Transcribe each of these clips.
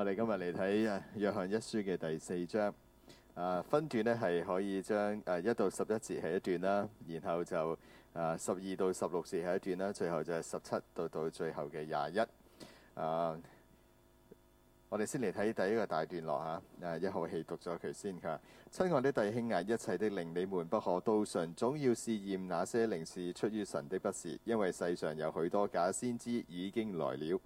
我哋今日嚟睇《約翰一書》嘅第四章，啊、分段呢係可以將誒一到十一節係一段啦，然後就十二、啊、到十六節係一段啦，最後就係十七到到最後嘅廿一。啊，我哋先嚟睇第一個大段落吓，啊一號氣讀咗佢先。佢話：親愛的弟兄啊，一切的靈你們不可都信，總要試驗那些靈是出於神的不是，因為世上有許多假先知已經來了。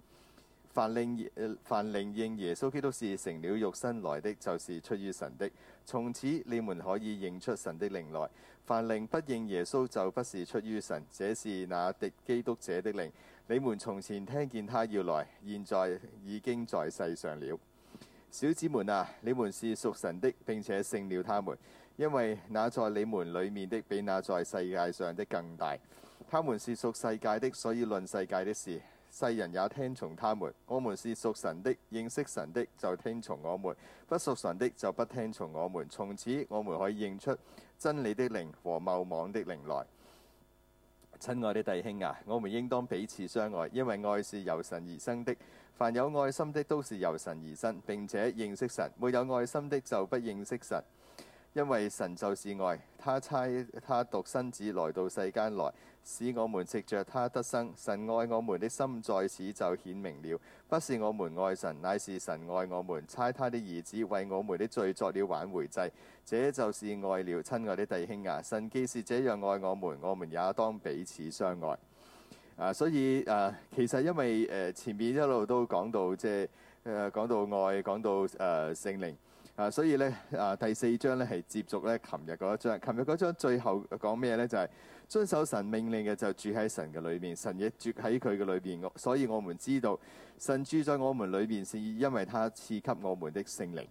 凡靈凡靈認耶穌基督是成了肉身來的，就是出於神的。從此你們可以認出神的靈來。凡靈不認耶穌，就不是出於神，這是那敵基督者的靈。你們從前聽見他要來，現在已經在世上了。小子們啊，你們是屬神的，並且勝了他們，因為那在你們裏面的比那在世界上的更大。他們是屬世界的，所以論世界的事。世人也聽從他們。我們是屬神的，認識神的就聽從我們；不屬神的就不聽從我們。從此我們可以認出真理的靈和謬妄的靈來。親愛的弟兄啊，我們應當彼此相愛，因為愛是由神而生的。凡有愛心的都是由神而生，並且認識神；沒有愛心的就不認識神，因為神就是愛。他差他獨生子來到世間來。使我們藉着他得生，神愛我們的心在此就顯明了。不是我們愛神，乃是神愛我們，差他的兒子為我們的罪作了挽回祭。這就是愛了，親愛的弟兄啊！神既是這樣愛我們，我們也當彼此相愛。啊、所以、啊、其實因為、呃、前面一路都講到即係講、呃、到愛，講到聖靈。呃聖靈啊，所以咧啊，第四章咧係接觸咧，琴日嗰一章。琴日嗰章最後講咩咧？就係遵守神命令嘅就住喺神嘅裏面，神亦住喺佢嘅裏邊。所以我們知道神住在我們裏面，是因為他賜給我們的聖靈。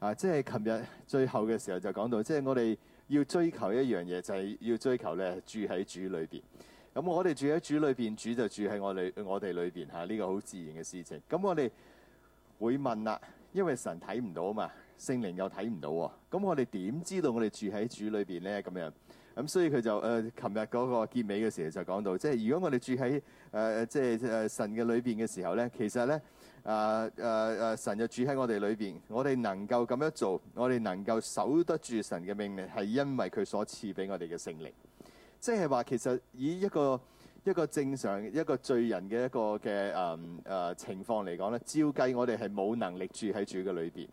啊，即係琴日最後嘅時候就講到，即係我哋要追求一樣嘢，就係要追求咧住喺主裏面。咁我哋住喺主裏面，主就住喺我哋我哋裏面。呢、啊這個好自然嘅事情。咁我哋會問啦，因為神睇唔到啊嘛。聖靈又睇唔到喎、哦，咁我哋點知道我哋住喺主裏邊咧？咁樣咁，所以佢就誒，琴日嗰個結尾嘅時候就講到，即係如果我哋住喺誒、呃，即係神嘅裏邊嘅時候咧，其實咧啊啊啊，神就住喺我哋裏邊，我哋能夠咁樣做，我哋能夠守得住神嘅命令，係因為佢所賜俾我哋嘅聖靈。即係話其實以一個一個正常一個罪人嘅一個嘅誒誒情況嚟講咧，照計我哋係冇能力住喺主嘅裏邊。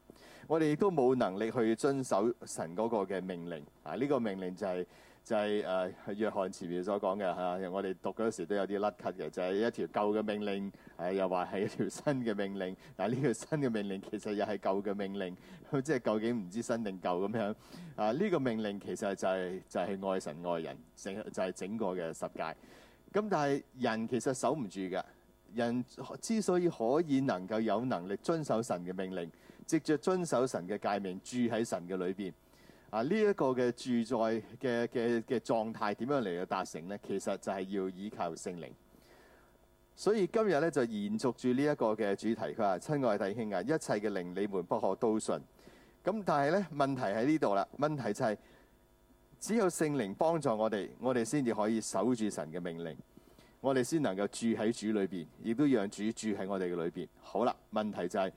我哋亦都冇能力去遵守神嗰個嘅命令啊！呢個命令就係就係誒約翰前面所講嘅嚇，我哋讀嗰時都有啲甩咳嘅，就係一條舊嘅命令，誒又話係一條新嘅命令，但係呢條新嘅命令其實又係舊嘅命令，咁即係究竟唔知新定舊咁樣啊？呢個命令其實就係就係愛神愛人整就係整個嘅十戒。咁但係人其實守唔住㗎，人之所以可以能夠有能力遵守神嘅命令。藉著遵守神嘅誡命，住喺神嘅裏邊啊！呢、這、一個嘅住在嘅嘅嘅狀態，點樣嚟到達成呢？其實就係要依靠聖靈。所以今日咧就延續住呢一個嘅主題，佢話：親愛弟兄啊，一切嘅靈你們不可都信。咁但係咧問題喺呢度啦，問題就係、是、只有聖靈幫助我哋，我哋先至可以守住神嘅命令，我哋先能夠住喺主裏邊，亦都讓主住喺我哋嘅裏邊。好啦，問題就係、是。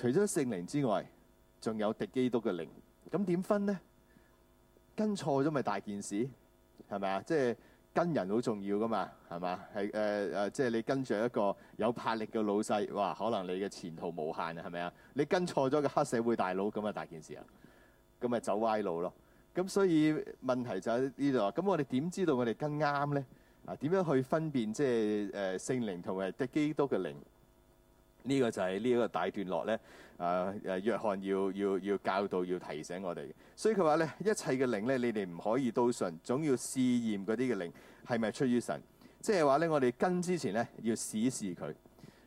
除咗聖靈之外，仲有敵基督嘅靈，咁點分呢？跟錯咗咪大件事，係咪啊？即係跟人好重要噶嘛，係嘛？係誒誒，即係你跟住一個有魄力嘅老細，哇，可能你嘅前途無限啊，係咪啊？你跟錯咗個黑社會大佬，咁啊大件事啊，咁咪走歪路咯。咁所以問題就喺呢度啊。咁我哋點知道我哋跟啱咧？啊，點樣去分辨即係誒聖靈同埋敵基督嘅靈？呢個就係呢一個大段落咧，啊誒，約翰要要要教導，要提醒我哋。所以佢話咧，一切嘅靈咧，你哋唔可以都信，總要試驗嗰啲嘅靈係咪出於神。即係話咧，我哋跟之前咧要試試佢，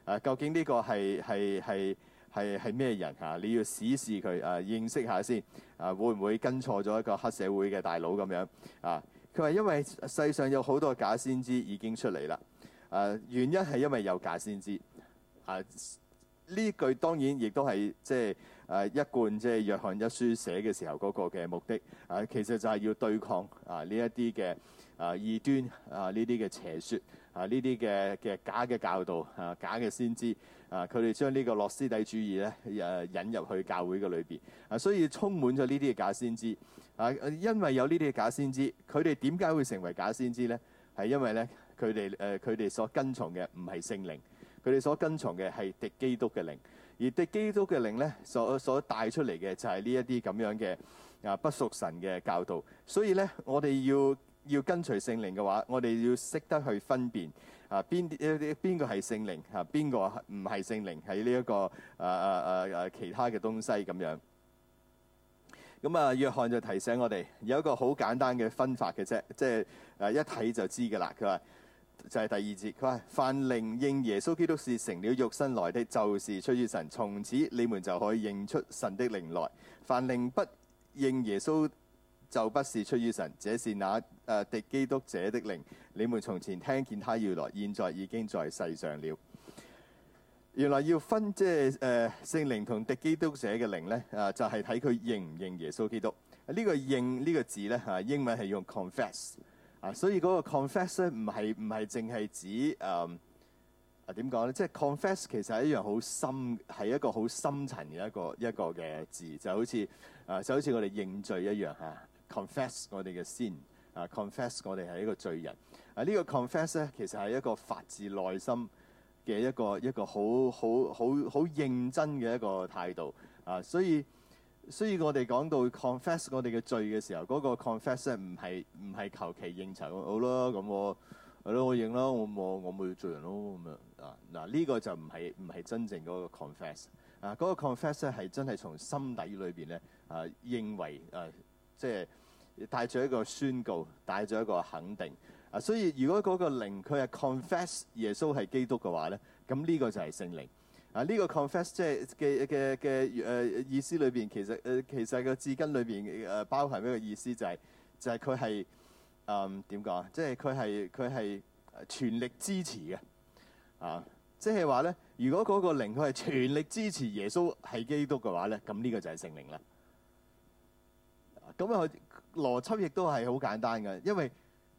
啊，究竟呢個係係係係係咩人嚇、啊？你要試試佢，啊，認識下先，啊，會唔會跟錯咗一個黑社會嘅大佬咁樣？啊，佢話因為世上有好多假先知已經出嚟啦，誒、啊，原因係因為有假先知。啊！呢句當然亦都係即係誒一貫即係約翰一書寫嘅時候嗰個嘅目的啊，其實就係要對抗啊呢一啲嘅啊異端啊、呢啲嘅邪説、啊呢啲嘅嘅假嘅教導、啊假嘅先知啊，佢哋將呢個諾斯底主義咧誒、啊、引入去教會嘅裏邊啊，所以充滿咗呢啲嘅假先知啊！因為有呢啲嘅假先知，佢哋點解會成為假先知咧？係因為咧佢哋誒佢哋所跟從嘅唔係聖靈。佢哋所跟從嘅係敵基督嘅靈，而敵基督嘅靈咧所所帶出嚟嘅就係呢一啲咁樣嘅啊不屬神嘅教導。所以咧，我哋要要跟隨聖靈嘅話，我哋要識得去分辨啊邊啲邊個係聖靈，哪是聖靈是、這個、啊，邊個唔係聖靈喺呢一個啊啊啊啊其他嘅東西咁樣。咁啊，約翰就提醒我哋有一個好簡單嘅分法嘅啫，即係誒一睇就知嘅啦。佢話。就係第二節，佢話：凡靈認耶穌基督是成了肉身來的，就是出於神；從此你們就可以認出神的靈來。凡靈不認耶穌，就不是出於神，這是那誒敵基督者的靈。你們從前聽見他要來，現在已經在世上了。原來要分即係誒聖靈同敵基督者的靈呢，啊，就係睇佢認唔認耶穌基督。呢、呢個認呢、呢個字呢，嚇，英文係用 confess。啊，所以嗰個 confess 咧，唔係唔係淨係指誒點講咧？即、嗯、係、啊就是、confess 其實係一樣好深，係一個好深層嘅一個一個嘅字，就好似啊，就好似我哋認罪一樣嚇。啊、confess 我哋嘅 sin 啊，confess 我哋係一個罪人。啊，呢、呢個 confess 咧，其實係一個發自內心嘅一個一個好好好好認真嘅一個態度。啊，所以。所以我哋講到 confess 我哋嘅罪嘅時候，嗰個 confess 咧唔係唔係求其應酬，好咯，咁係咯，我認咯，我冇我冇罪人咯咁樣啊。嗱，呢個就唔係唔係真正嗰個 confess 啊，嗰個 confess 咧係真係從心底裏邊咧啊認為啊，即係帶咗一個宣告，帶咗一個肯定啊，所以如果嗰個靈佢係 confess 耶穌係基督嘅話咧，咁呢個就係聖靈。啊！呢、這個 confess 即係嘅嘅嘅意思裏面，其實誒、呃、其實個字根裏面、呃、包含咩意思，就係？就係就係佢係誒點講啊？即係佢係佢係全力支持嘅啊！即係話咧，如果嗰個靈佢係全力支持耶穌係基督嘅話咧，咁呢個就係聖靈啦。咁啊，佢邏輯亦都係好簡單嘅，因為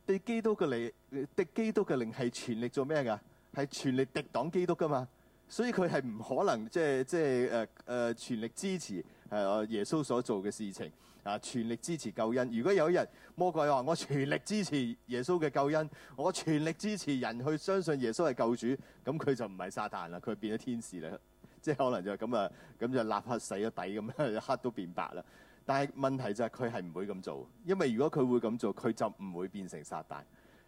敵基督嘅靈，敵基督嘅靈係全力做咩噶？係全力敵擋基督噶嘛？所以佢係唔可能即係即係誒誒全力支持誒耶穌所做嘅事情啊，全力支持救恩。如果有一日魔鬼話：我全力支持耶穌嘅救恩，我全力支持人去相信耶穌係救主，咁佢就唔係撒旦啦，佢變咗天使啦。即係可能就係咁啊，咁就立刻洗咗底咁一刻都變白啦。但係問題就係佢係唔會咁做，因為如果佢會咁做，佢就唔會變成撒旦。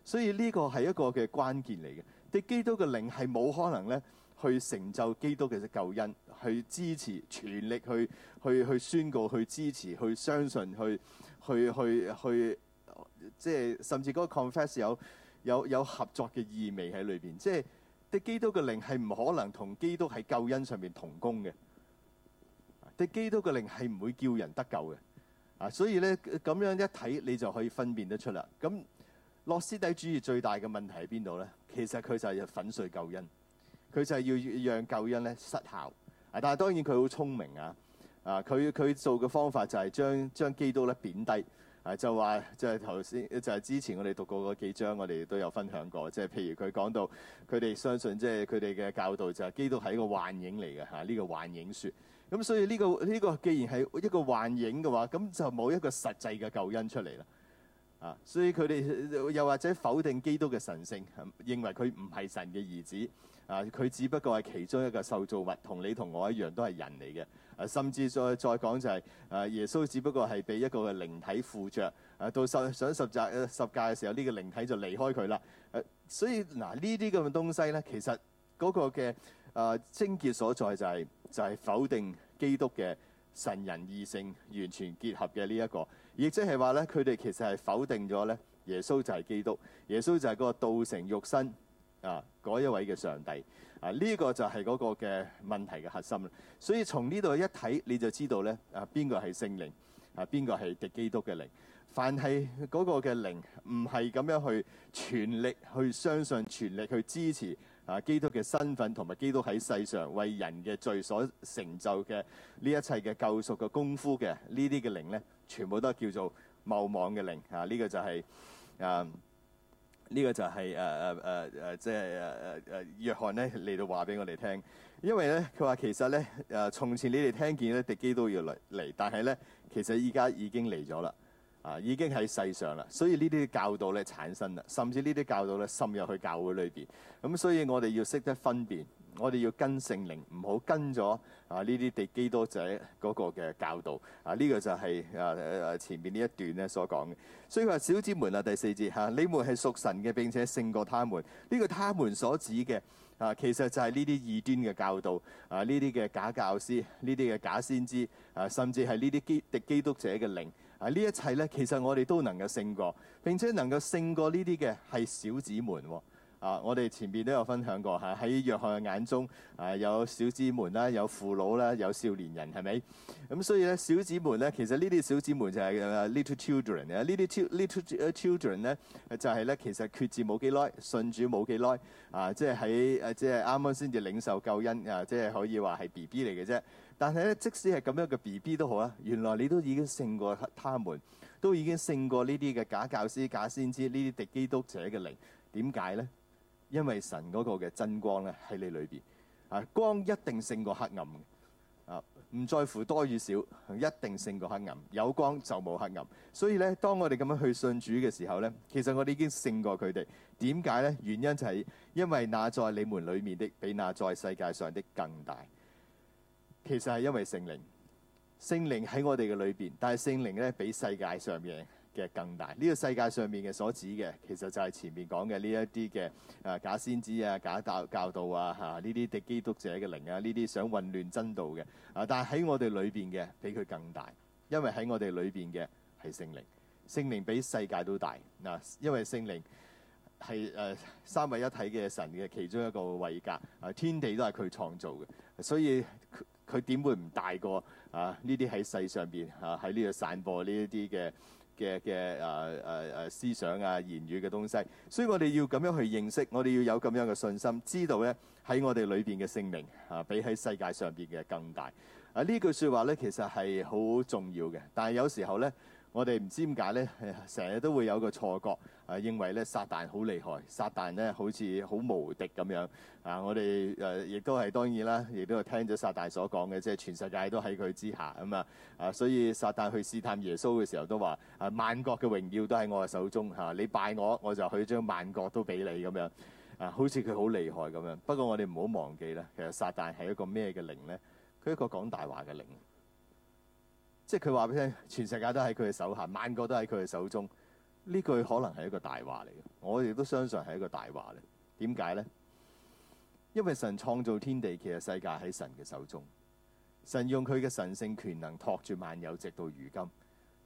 所以呢個係一個嘅關鍵嚟嘅。敵基督嘅靈係冇可能咧。去成就基督嘅救恩，去支持、全力去、去、去宣告、去支持、去相信、去、去、去、去，即係甚至嗰個 confess 有有有合作嘅意味喺裏邊，即係啲基督嘅靈係唔可能同基督喺救恩上面同工嘅，啲基督嘅靈係唔會叫人得救嘅。啊，所以咧咁樣一睇，你就可以分辨得出啦。咁諾斯底主義最大嘅問題喺邊度咧？其實佢就係粉碎救恩。佢就係要讓救恩咧失效啊！但係當然佢好聰明啊！啊，佢佢做嘅方法就係將將基督咧貶低啊，就話就係頭先就係之前我哋讀過嗰幾章，我哋都有分享過，即係譬如佢講到佢哋相信，即係佢哋嘅教導就係基督係一個幻影嚟嘅嚇，呢個幻影説咁，所以呢個呢個既然係一個幻影嘅話，咁就冇一個實際嘅救恩出嚟啦啊！所以佢哋又或者否定基督嘅神性，認為佢唔係神嘅兒子。啊！佢只不過係其中一個受造物，同你同我一樣都係人嚟嘅。啊，甚至再再講就係、是，啊耶穌只不過係被一個靈體附着。啊，到十上十集十界嘅時候，呢、這個靈體就離開佢啦。誒、啊，所以嗱呢啲咁嘅東西咧，其實嗰個嘅誒癥結所在就係、是、就係、是、否定基督嘅神人二性完全結合嘅呢一個，亦即係話咧，佢哋其實係否定咗咧耶穌就係基督，耶穌就係嗰個道成肉身。啊！嗰一位嘅上帝啊，呢、這個就係嗰個嘅問題嘅核心啦。所以從呢度一睇，你就知道咧啊，邊個係聖靈啊，邊個係敵基督嘅靈。凡係嗰個嘅靈唔係咁樣去全力去相信、全力去支持啊，基督嘅身份同埋基督喺世上為人嘅罪所成就嘅呢一切嘅救贖嘅功夫嘅呢啲嘅靈咧，全部都係叫做謬妄嘅靈啊！呢、這個就係、是、啊～呢個就係誒誒誒誒，即係誒誒誒，約翰咧嚟到話俾我哋聽，因為咧，佢話其實咧，誒、啊、從前你哋聽見咧，敵基督都要嚟嚟，但係咧，其實依家已經嚟咗啦，啊，已經喺世上啦，所以呢啲教導咧產生啦，甚至呢啲教導咧滲入去教會裏邊，咁所以我哋要識得分辨。我哋要跟聖靈，唔好跟咗啊！呢啲敵基督者嗰個嘅教導啊，呢個就係啊前面呢一段咧所講嘅。所以話小子們啊，第四節嚇、啊，你們係屬神嘅，並且勝過他們。呢、呢個他們所指嘅啊，其實就係呢啲異端嘅教導啊，呢啲嘅假教師，呢啲嘅假先知啊，甚至係呢啲基敵基督者嘅靈啊，呢一切咧，其實我哋都能夠勝過，並且能夠勝過呢啲嘅係小子們。啊啊！我哋前邊都有分享過嚇，喺約翰嘅眼中，誒、啊、有小子們啦，有父老啦，有少年人係咪？咁、啊、所以咧，小子們咧，其實呢啲小子們就係、啊、little children。呢啲 little children 咧，就係、是、咧其實決志冇幾耐，信主冇幾耐啊，即係喺即係啱啱先至領受救恩啊，即係可以話係 B B 嚟嘅啫。但係咧，即使係咁樣嘅 B B 都好啊，原來你都已經勝過他們，他們都已經勝過呢啲嘅假教師、假先知、呢啲敵基督者嘅靈。點解咧？因為神嗰個嘅真光咧喺你裏邊，啊，光一定勝過黑暗嘅，啊，唔在乎多與少，一定勝過黑暗。有光就冇黑暗。所以咧，當我哋咁樣去信主嘅時候咧，其實我哋已經勝過佢哋。點解咧？原因就係因為那在你們裏面的比那在世界上的更大。其實係因為聖靈，聖靈喺我哋嘅裏邊，但係聖靈咧比世界上嘅嘅更大呢，這個世界上面嘅所指嘅，其實就係前面講嘅呢一啲嘅誒假先知啊，假教教導啊，嚇呢啲敵基督者嘅靈啊，呢啲想混亂真道嘅啊。但係喺我哋裏邊嘅比佢更大，因為喺我哋裏邊嘅係聖靈，聖靈比世界都大嗱，啊。因為聖靈係誒，啊，三位一體嘅神嘅其中一個位格，啊，天地都係佢創造嘅，所以佢點會唔大過啊？呢啲喺世上邊，啊，喺呢度散播呢一啲嘅嘅嘅誒誒誒思想啊、言語嘅東西，所以我哋要咁樣去認識，我哋要有咁樣嘅信心，知道咧喺我哋裏邊嘅性命啊，比喺世界上邊嘅更大。啊，這句呢句說話咧其實係好重要嘅，但係有時候咧，我哋唔知點解咧，成日，啊，都會有個錯覺。啊，認為咧撒旦好厲害，撒旦咧好似好無敵咁樣。啊，我哋誒亦都係當然啦，亦都係聽咗撒旦所講嘅，即係全世界都喺佢之下咁啊。啊，所以撒旦去試探耶穌嘅時候都話：啊，萬國嘅榮耀都喺我嘅手中嚇，啊，你拜我，我就去將萬國都俾你咁樣。啊，好似佢好厲害咁樣。不過我哋唔好忘記啦，其實撒旦係一個咩嘅靈咧？佢一個講大話嘅靈，即係佢話俾你聽，全世界都喺佢嘅手下，萬國都喺佢嘅手中。呢句可能係一個大話嚟嘅，我亦都相信係一個大話咧。點解咧？因為神創造天地，其實世界喺神嘅手中。神用佢嘅神性權能托住萬有，直到如今，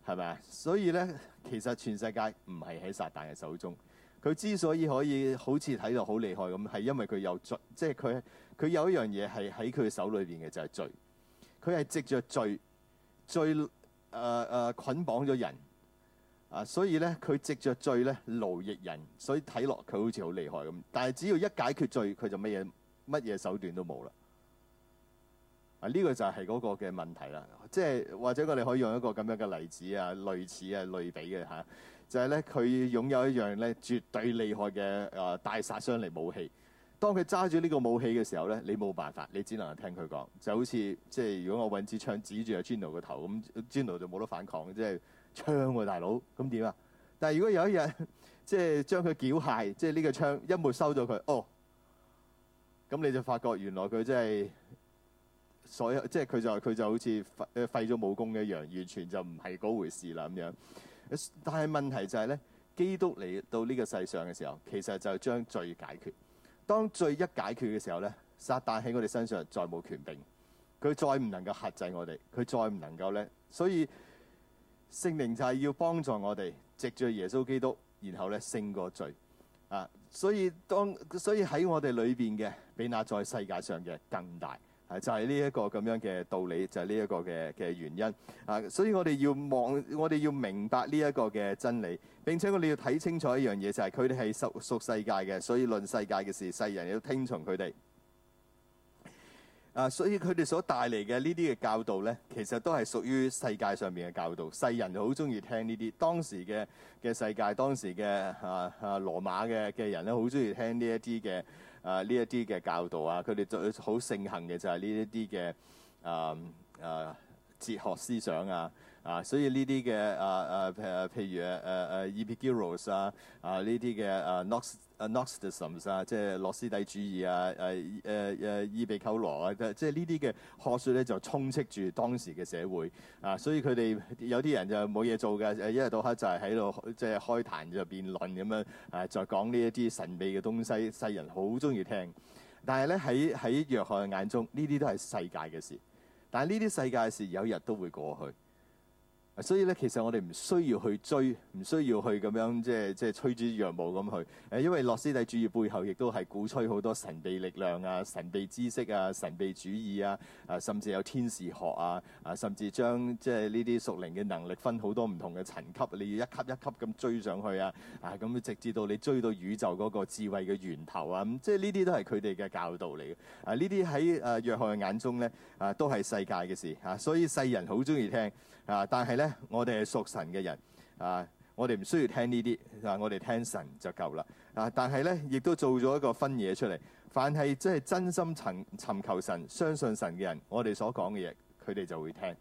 係咪啊？所以咧，其實全世界唔係喺撒旦嘅手中。佢之所以可以好似睇到好厲害咁，係因為佢有罪，即係佢佢有一樣嘢係喺佢嘅手裏邊嘅就係罪。佢係藉着罪罪誒誒捆綁咗人。啊，所以咧，佢藉着罪咧奴役人，所以睇落佢好似好厲害咁。但係只要一解決罪，佢就乜嘢乜嘢手段都冇啦。啊，呢、這個就係嗰個嘅問題啦。即係或者我哋可以用一個咁樣嘅例子啊，類似啊，類比嘅嚇、啊，就係咧佢擁有一樣咧絕對厲害嘅啊大殺傷力武器。當佢揸住呢個武器嘅時候咧，你冇辦法，你只能聽佢講。就好似即係如果我揾支槍指住阿 Chino 個頭咁 Chino 就冇得反抗，即係。槍喎大佬，咁點啊？但係如果有一日即係將佢繳械，即係呢個槍一冇收咗佢，哦，咁你就發覺原來佢真係所有，即係佢就佢就好似廢咗武功一樣，完全就唔係嗰回事啦咁樣。但係問題就係咧，基督嚟到呢個世上嘅時候，其實就係將罪解決。當罪一解決嘅時候咧，撒旦喺我哋身上再冇權柄，佢再唔能夠克制我哋，佢再唔能夠咧，所以。聖靈就係要幫助我哋藉住耶穌基督，然後咧勝過罪啊！所以當所以喺我哋裏邊嘅，比那在世界上嘅更大，係、啊、就係呢一個咁樣嘅道理，就係呢一個嘅嘅原因啊！所以我哋要望，我哋要明白呢一個嘅真理。並且我哋要睇清楚一樣嘢，就係佢哋係屬屬世界嘅，所以論世界嘅事，世人要聽從佢哋。啊，所以佢哋所帶嚟嘅呢啲嘅教導咧，其實都係屬於世界上面嘅教導，世人就好中意聽呢啲。當時嘅嘅世界，當時嘅啊啊羅馬嘅嘅人咧，好中意聽呢一啲嘅啊呢一啲嘅教導啊，佢哋最好盛行嘅就係呢一啲嘅啊啊哲學思想啊。啊，所以呢啲嘅啊啊，譬如誒誒誒，伊比丘羅啊啊，呢啲嘅誒諾斯、啊、諾斯底主義啊，誒誒誒，伊比丘羅啊，即係呢啲嘅學説咧，就充斥住當時嘅社會啊。所以佢哋有啲人就冇嘢做嘅，一日到黑就係喺度即係開壇就辯論咁樣啊，就是、講呢一啲神秘嘅東西，世人好中意聽。但係咧喺喺約翰嘅眼中，呢啲都係世界嘅事。但係呢啲世界嘅事有一日都會過去。所以咧，其實我哋唔需要去追，唔需要去咁樣即係即係趨之若鶩咁去。因為諾斯底主義背後亦都係鼓吹好多神秘力量啊、神秘知識啊、神秘主義啊，甚至有天使學啊，啊，甚至將即係呢啲屬靈嘅能力分好多唔同嘅層級，你要一級一級咁追上去啊，啊，咁直至到你追到宇宙嗰個智慧嘅源頭啊，咁、嗯、即係呢啲都係佢哋嘅教導嚟嘅。啊，呢啲喺約翰嘅眼中咧，啊都係世界嘅事嚇、啊，所以世人好中意聽。啊！但係咧，我哋係屬神嘅人，啊，我哋唔需要聽呢啲，啊，我哋聽神就夠啦。啊！但係咧，亦都做咗一個分野出嚟。凡係即係真心尋尋求神、相信神嘅人，我哋所講嘅嘢，佢哋就會聽。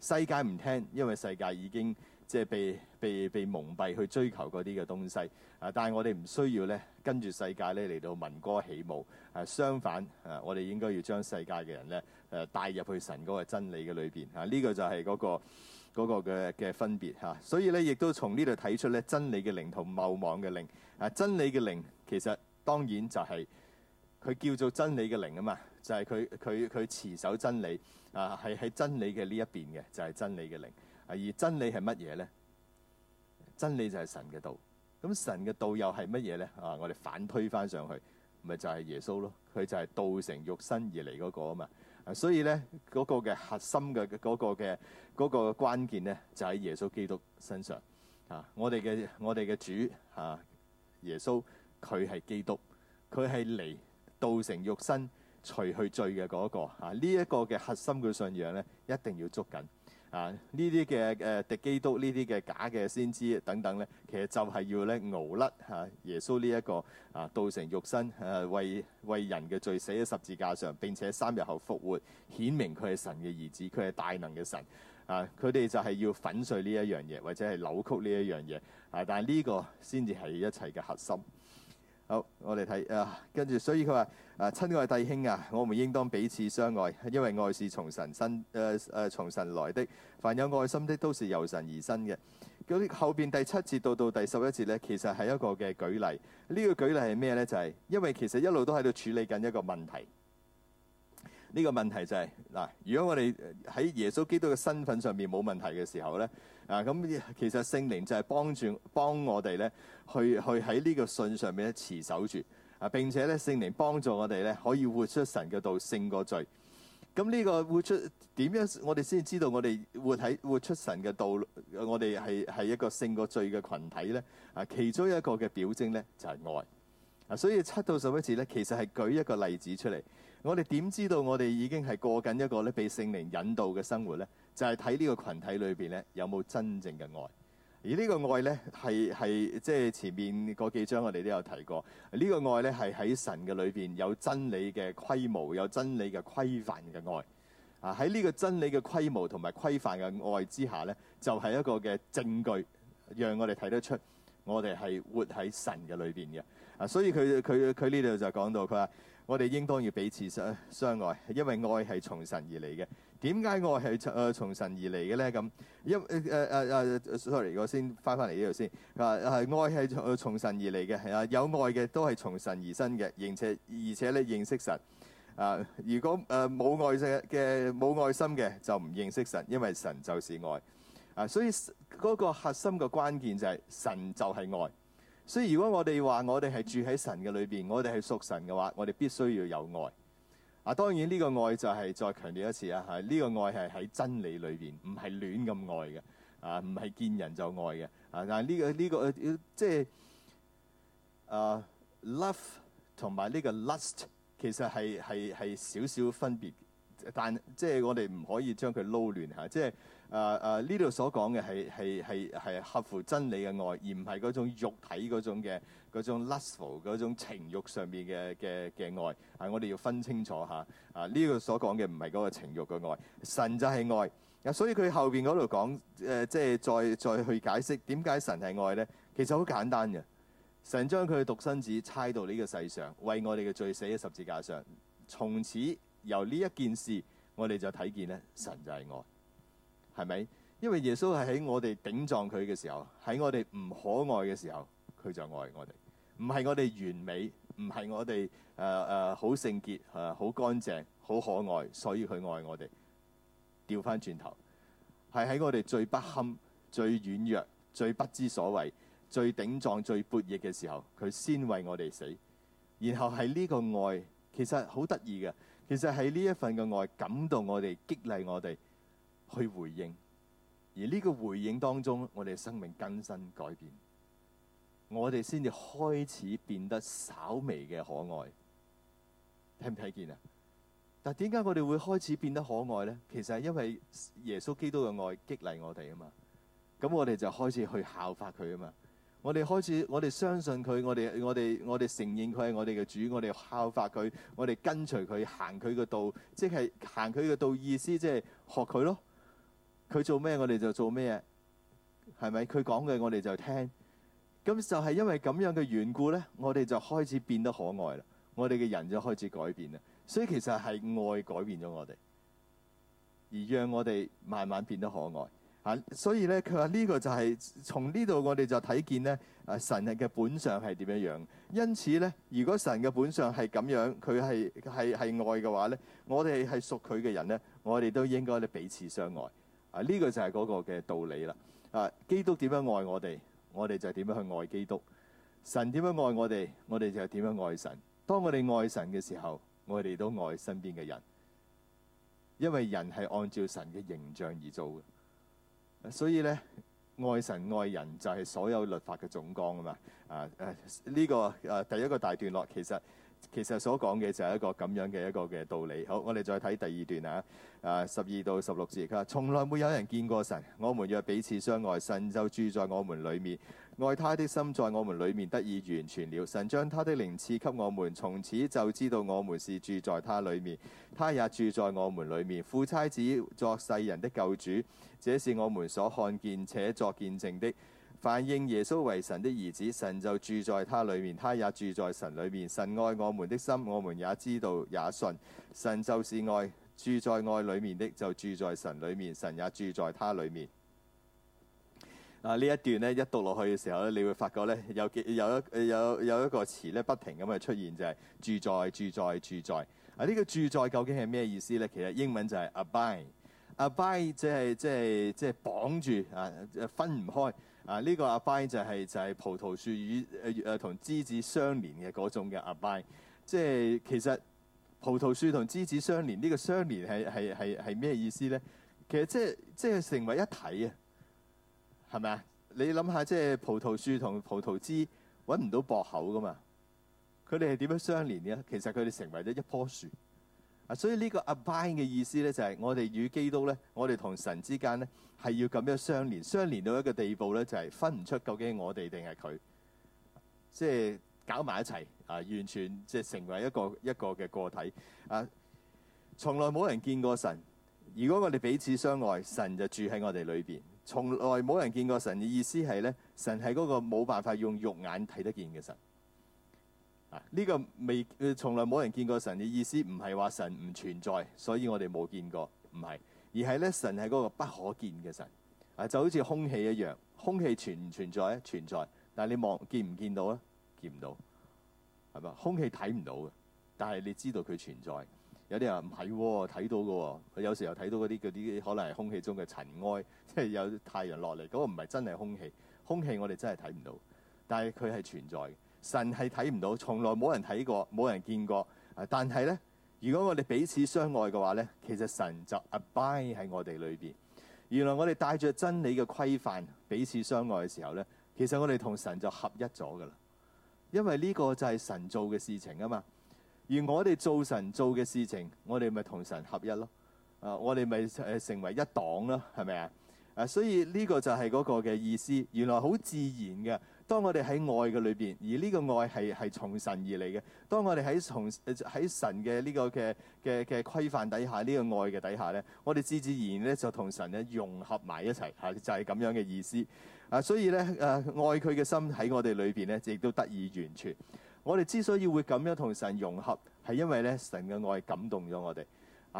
世界唔聽，因為世界已經即係被被被蒙蔽去追求嗰啲嘅東西。啊！但係我哋唔需要咧跟住世界咧嚟到聞歌起舞。啊，相反啊，我哋應該要將世界嘅人咧誒、啊、帶入去神嗰個真理嘅裏邊。啊，呢、呢個就係嗰、嗰個。嗰個嘅嘅分別嚇，所以咧亦都從呢度睇出咧，真理嘅靈同謬妄嘅靈。啊，真理嘅靈其實當然就係，是，佢叫做真理嘅靈啊嘛，就係佢佢佢持守真理啊，係喺真理嘅呢一邊嘅，就係，是，真理嘅靈。而真理係乜嘢咧？真理就係神嘅道。咁神嘅道又係乜嘢咧？啊，我哋反推返上去，咪就係，是，耶穌咯。佢就係道成肉身而嚟嗰，那個啊嘛。所以咧，嗰個嘅核心嘅嗰個嘅嗰個關鍵咧，就喺耶穌基督身上。啊，我哋嘅我哋嘅主啊，耶穌佢係基督，佢係嚟道成肉身除去罪嘅嗰個。啊，呢一個嘅核心嘅信仰咧，一定要捉緊。啊！呢啲嘅誒敵基督，呢啲嘅假嘅先知等等咧，其實就係要咧熬甩吓耶穌呢一個啊，啊，道成肉身誒、啊，為為人嘅罪死喺十字架上，並且三日後復活，顯明佢係神嘅兒子，佢係大能嘅神啊！佢哋就係要粉碎呢一樣嘢，或者係扭曲呢一樣嘢啊！但係呢個先至係一切嘅核心。好，我哋睇啊，跟住所以佢話，啊，親愛弟兄啊，我們應當彼此相愛，因為愛是從神生，誒、呃、從神來的。凡有愛心的，都是由神而生嘅。啲後邊第七節到到第十一節咧，其實係一個嘅舉例。呢、這個舉例係咩咧？就係、是，因為其實一路都喺度處理緊一個問題。呢個問題就係嗱，如果我哋喺耶穌基督嘅身份上面冇問題嘅時候咧，啊咁其實聖靈就係幫住幫我哋咧，去去喺呢個信上面持守住啊。並且咧，聖靈幫助我哋咧可以活出神嘅道，勝過罪。咁呢個活出點樣？我哋先知道我哋活喺活出神嘅道，我哋係係一個勝過罪嘅群體咧。啊，其中一個嘅表徵咧就係愛啊。所以七到十一節咧，其實係舉一個例子出嚟。我哋點知道我哋已經係過緊一個咧被聖靈引導嘅生活咧？就係睇呢個群體裏邊咧，有冇真正嘅愛。而呢個愛咧係，係即係前面嗰幾章我哋都有提過。呢個愛咧係喺神嘅裏邊有真理嘅規模，有真理嘅規範嘅愛。啊，喺呢個真理嘅規模同埋規範嘅愛之下咧，就係一個嘅證據，讓我哋睇得出我哋係活喺神嘅裏邊嘅。啊，所以佢佢佢呢度就講到佢話。我哋應當要彼此相相愛，因為愛係從神而嚟嘅。點解愛係誒從神而嚟嘅咧？咁因誒誒誒誒，sorry，我先翻翻嚟呢度先。啊，係愛係從從神而嚟嘅、啊。有愛嘅都係從神而生嘅，而且而且咧認識神。啊，如果誒冇、啊、愛嘅冇愛心嘅就唔認識神，因為神就是愛。啊，所以嗰個核心嘅關鍵就係神就係愛。所以如果我哋話我哋係住喺神嘅裏邊，我哋係屬神嘅話，我哋必須要有愛。啊，當然呢個愛就係、是、再強調一次啊，係、這、呢個愛係喺真理裏邊，唔係亂咁愛嘅啊，唔係見人就愛嘅啊。但係、這、呢個呢、這個即係、就是、啊，love 同埋呢個 lust 其實係係係少少分別，但即係、就是、我哋唔可以將佢撈亂嚇，即、啊、係。就是誒呢度所講嘅係合乎真理嘅愛，而唔係嗰種肉體嗰種嘅嗰種 lustful 嗰種情慾上面嘅嘅嘅愛。啊、我哋要分清楚下，啊，呢、啊、度所講嘅唔係嗰個情慾嘅愛。神就係愛。所以佢後面嗰度講即係再再去解釋點解神係愛咧，其實好簡單嘅。神將佢嘅獨生子差到呢個世上，為我哋嘅罪死喺十字架上，從此由呢一件事，我哋就睇見咧，神就係愛。係咪？因為耶穌係喺我哋頂撞佢嘅時候，喺我哋唔可愛嘅時候，佢就愛我哋。唔係我哋完美，唔係我哋誒誒好聖潔，誒、呃、好乾淨、好可愛，所以佢愛我哋。調翻轉頭，係喺我哋最不堪、最軟弱、最不知所為、最頂撞、最叛逆嘅時候，佢先為我哋死。然後係呢個愛，其實好得意嘅。其實係呢一份嘅愛，感動我哋，激勵我哋。去回應，而呢個回應當中，我哋生命更新改變，我哋先至開始變得稍微嘅可愛，聽唔聽見啊？但係點解我哋會開始變得可愛咧？其實係因為耶穌基督嘅愛激勵我哋啊嘛，咁我哋就開始去效法佢啊嘛。我哋開始，我哋相信佢，我哋我哋我哋承認佢係我哋嘅主，我哋效法佢，我哋跟隨佢行佢嘅道，即係行佢嘅道意思，即係學佢咯。佢做咩，我哋就做咩，係咪？佢講嘅，我哋就聽。咁就係因為咁樣嘅緣故咧，我哋就開始變得可愛啦。我哋嘅人就開始改變啦。所以其實係愛改變咗我哋，而讓我哋慢慢變得可愛吓。所以咧，佢話呢個就係從呢度我哋就睇見咧，誒神嘅本相係點樣樣。因此咧，如果神嘅本相係咁樣，佢係係係愛嘅話咧，我哋係屬佢嘅人咧，我哋都應該咧彼此相愛。啊！呢、這個就係嗰個嘅道理啦。啊，基督點樣愛我哋，我哋就點樣去愛基督；神點樣愛我哋，我哋就點樣愛神。當我哋愛神嘅時候，我哋都愛身邊嘅人，因為人係按照神嘅形象而做嘅、啊。所以咧，愛神愛人就係所有律法嘅總綱啊嘛。啊誒，呢、啊這個誒、啊、第一個大段落其實。其實所講嘅就係一個咁樣嘅一個嘅道理。好，我哋再睇第二段啊。誒，十二到十六節，佢話：從來沒有人見過神，我們若彼此相愛，神就住在我們裏面。愛他的心在我們裏面得以完全了。神將他的靈賜給我們，從此就知道我們是住在他裏面。他也住在我們裏面。父差子作世人的救主，這是我們所看見且作見證的。反應耶穌為神的兒子，神就住在他裡面，他也住在神裡面。神愛我們的心，我們也知道也信。神就是愛，住在愛裡面的就住在神裡面，神也住在他裡面。啊，呢一段咧一讀落去嘅時候咧，你會發覺咧有幾有一有有一個詞咧不停咁嘅出現就係住在住在住在啊！呢個住在究竟係咩意思咧？其實英文就係 abide，abide 即係即係即係綁住啊，分唔開。啊！呢、這個 abide 就係、是、就係、是、葡萄樹與誒誒同枝子相連嘅嗰種嘅 abide，即係其實葡萄樹同枝子相連，呢、這個相連係係係係咩意思咧？其實即係即係成為一體啊，係咪啊？你諗下，即、就、係、是、葡萄樹同葡萄枝揾唔到駁口㗎嘛？佢哋係點樣相連嘅咧？其實佢哋成為咗一棵樹啊！所以呢個 abide 嘅意思咧，就係我哋與基督咧，我哋同神之間咧。係要咁樣相連，相連到一個地步咧，就係分唔出究竟我哋定係佢，即係搞埋一齊啊！完全即係成為一個一個嘅個體啊！從來冇人見過神。如果我哋彼此相愛，神就住喺我哋裏邊。從來冇人見過神嘅意思係咧，神係嗰個冇辦法用肉眼睇得見嘅神啊！呢個未，從來冇人見過神嘅意思唔係話神唔存在，所以我哋冇見過，唔係。而係咧，神係嗰個不可見嘅神，啊就好似空氣一樣，空氣存唔存在咧？存在，但係你望見唔見到咧？見唔到，係嘛？空氣睇唔到嘅，但係你知道佢存在。有啲人唔係喎，睇到㗎喎，佢有時又睇到嗰啲嗰啲可能係空氣中嘅塵埃，即係有太陽落嚟嗰個唔係真係空氣，空氣我哋真係睇唔到，但係佢係存在嘅。神係睇唔到，從來冇人睇過，冇人見過，啊！但係咧。如果我哋彼此相愛嘅話咧，其實神就 abide 喺我哋裏邊。原來我哋帶着真理嘅規範彼此相愛嘅時候咧，其實我哋同神就合一咗噶啦。因為呢個就係神做嘅事情啊嘛，而我哋做神做嘅事情，我哋咪同神合一咯。啊，我哋咪誒成為一黨咯，係咪啊？啊，所以呢個就係嗰個嘅意思。原來好自然嘅。當我哋喺愛嘅裏邊，而呢個愛係係從神而嚟嘅。當我哋喺從喺神嘅呢個嘅嘅嘅規範底下，呢個愛嘅底下咧，我哋自自然然咧就同神咧融合埋一齊嚇，就係咁樣嘅意思。啊，所以咧誒，愛佢嘅心喺我哋裏邊咧，亦都得以完全。我哋之所以會咁樣同神融合，係因為咧神嘅愛感動咗我哋。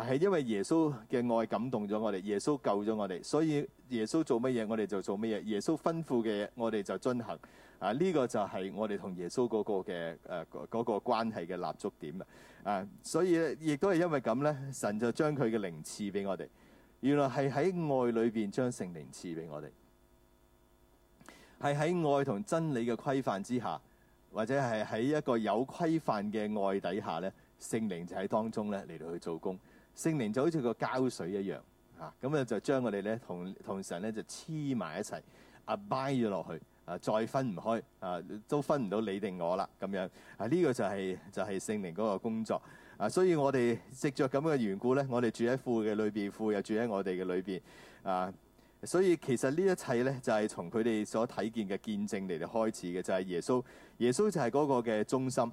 係因為耶穌嘅愛感動咗我哋，耶穌救咗我哋，所以耶穌做乜嘢我哋就做乜嘢，耶穌吩咐嘅嘢，我哋就遵行。啊，呢個就係我哋同耶穌嗰個嘅誒嗰個關係嘅立足點啦。啊，所以亦都係因為咁咧，神就將佢嘅靈賜俾我哋。原來係喺愛裏邊將聖靈賜俾我哋，係喺愛同真理嘅規範之下，或者係喺一個有規範嘅愛底下咧，聖靈就喺當中咧嚟到去做工。聖靈就好似個膠水一樣，啊咁啊就將我哋咧同同神咧就黐埋一齊，abide 咗落去，啊再分唔開，啊都分唔到你定我啦咁樣，啊呢個就係就係聖靈嗰個工作，啊所以我哋藉著咁嘅緣故咧，我哋住喺父嘅裏邊，父又住喺我哋嘅裏邊，啊所以其實呢一切咧就係從佢哋所睇見嘅見證嚟到開始嘅，就係耶穌，耶穌就係嗰個嘅中心。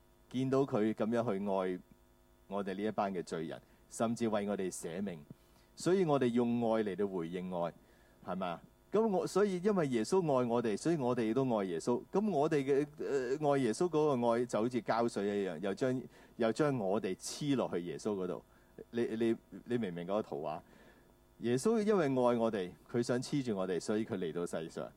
見到佢咁樣去愛我哋呢一班嘅罪人，甚至為我哋捨命，所以我哋用愛嚟到回應愛，係咪啊？咁我所以因為耶穌愛我哋，所以我哋亦都愛耶穌。咁我哋嘅誒愛耶穌嗰個愛就好似膠水一樣，又將又將我哋黐落去耶穌嗰度。你你你，你明唔明嗰個圖畫？耶穌因為愛我哋，佢想黐住我哋，所以佢嚟到世上。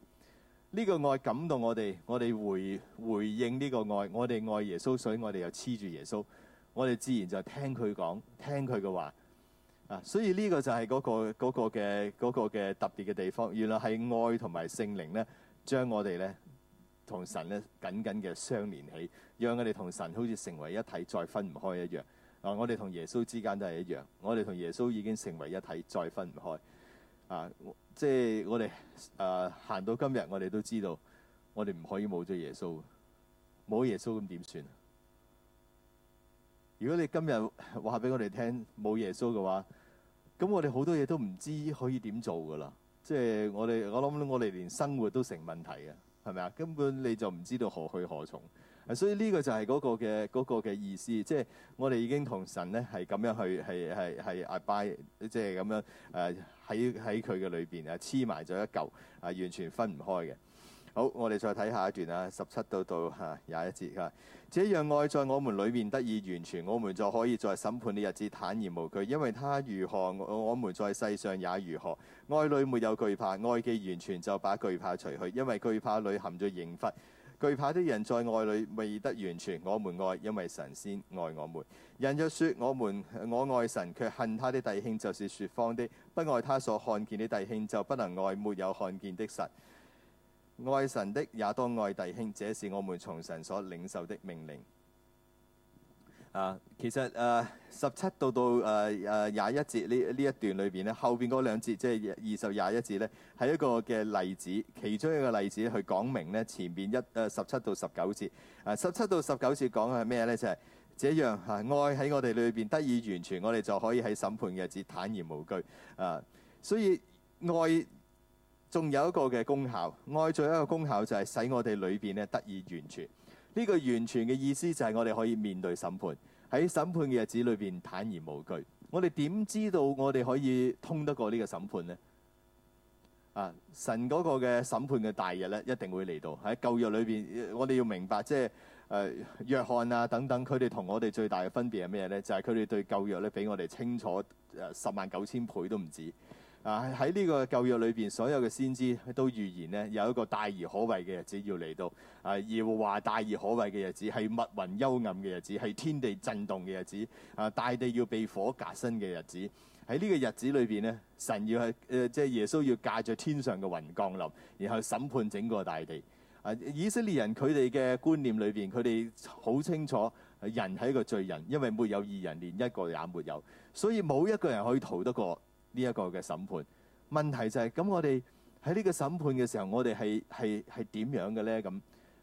呢個愛感動我哋，我哋回回應呢個愛，我哋愛耶穌，所以我哋又黐住耶穌，我哋自然就聽佢講，聽佢嘅話啊，所以呢個就係嗰個嗰個嘅嗰個嘅特別嘅地方。原來係愛同埋聖靈咧，將我哋咧同神咧緊緊嘅相連起，讓我哋同神好似成為一體再分唔開一樣啊，我哋同耶穌之間都係一樣，我哋同耶穌已經成為一體再分唔開。啊！即係我哋啊，行到今日，我哋都知道，我哋唔可以冇咗耶穌。冇耶穌咁點算啊？如果你今日話俾我哋聽冇耶穌嘅話，咁我哋好多嘢都唔知可以點做噶啦。即係我哋，我諗我哋連生活都成問題嘅，係咪啊？根本你就唔知道何去何從。所以呢個就係嗰個嘅嗰個嘅意思，即係我哋已經同神咧係咁樣去係係係阿拜，即係咁樣誒喺喺佢嘅裏邊啊黐埋咗一嚿啊，完全分唔開嘅。好，我哋再睇下一段啊，十七到到嚇廿一節啊，這樣愛在我們裏面得以完全，我們就可以在審判嘅日子坦然無懼，因為他如何，我們在世上也如何。愛裏沒有懼怕，愛既完全，就把懼怕除去，因為懼怕裏含咗刑罰。懼怕的人在愛裏未得完全。我們愛，因為神先愛我們。人若說我們我愛神，却恨他的弟兄，就是說謊的；不愛他所看見的弟兄，就不能愛沒有看見的神。愛神的也當愛弟兄，這是我們從神所領受的命令。啊，uh, 其實誒十七到到誒誒廿一節，就是、節呢呢一段裏邊咧，後邊嗰兩節即係二十廿一節咧，係一個嘅例子，其中一個例子去講明咧前邊一誒十七到十九節。啊，uh，十七到十九節講嘅係咩咧？就係、是、這樣嚇，uh, 愛喺我哋裏邊得以完全，我哋就可以喺審判嘅日子坦然無懼。啊，uh，所以愛仲有一個嘅功效，愛仲有一個功效就係使我哋裏邊咧得以完全。呢個完全嘅意思就係我哋可以面對審判，喺審判嘅日子裏邊坦然無懼。我哋點知道我哋可以通得過呢個審判呢？啊，神嗰個嘅審判嘅大日咧，一定會嚟到喺舊約裏邊。我哋要明白，即係誒約翰啊等等，佢哋同我哋最大嘅分別係咩咧？就係佢哋對舊約咧比我哋清楚誒十萬九千倍都唔止。啊！喺呢個舊約裏邊，所有嘅先知都預言呢有一個大而可畏嘅日子要嚟到。啊，耶和華大而可畏嘅日子係密雲幽暗嘅日子，係天地震動嘅日子。啊，大地要被火隔身嘅日子。喺呢個日子裏面呢，神要係誒，即、啊、係、就是、耶穌要駕着天上嘅雲降臨，然後審判整個大地。啊，以色列人佢哋嘅觀念裏面，佢哋好清楚，人係一個罪人，因為沒有義人，連一個也沒有，所以冇一個人可以逃得過。呢一個嘅審判問題就係、是、咁，我哋喺呢個審判嘅時候，我哋係係係點樣嘅咧？咁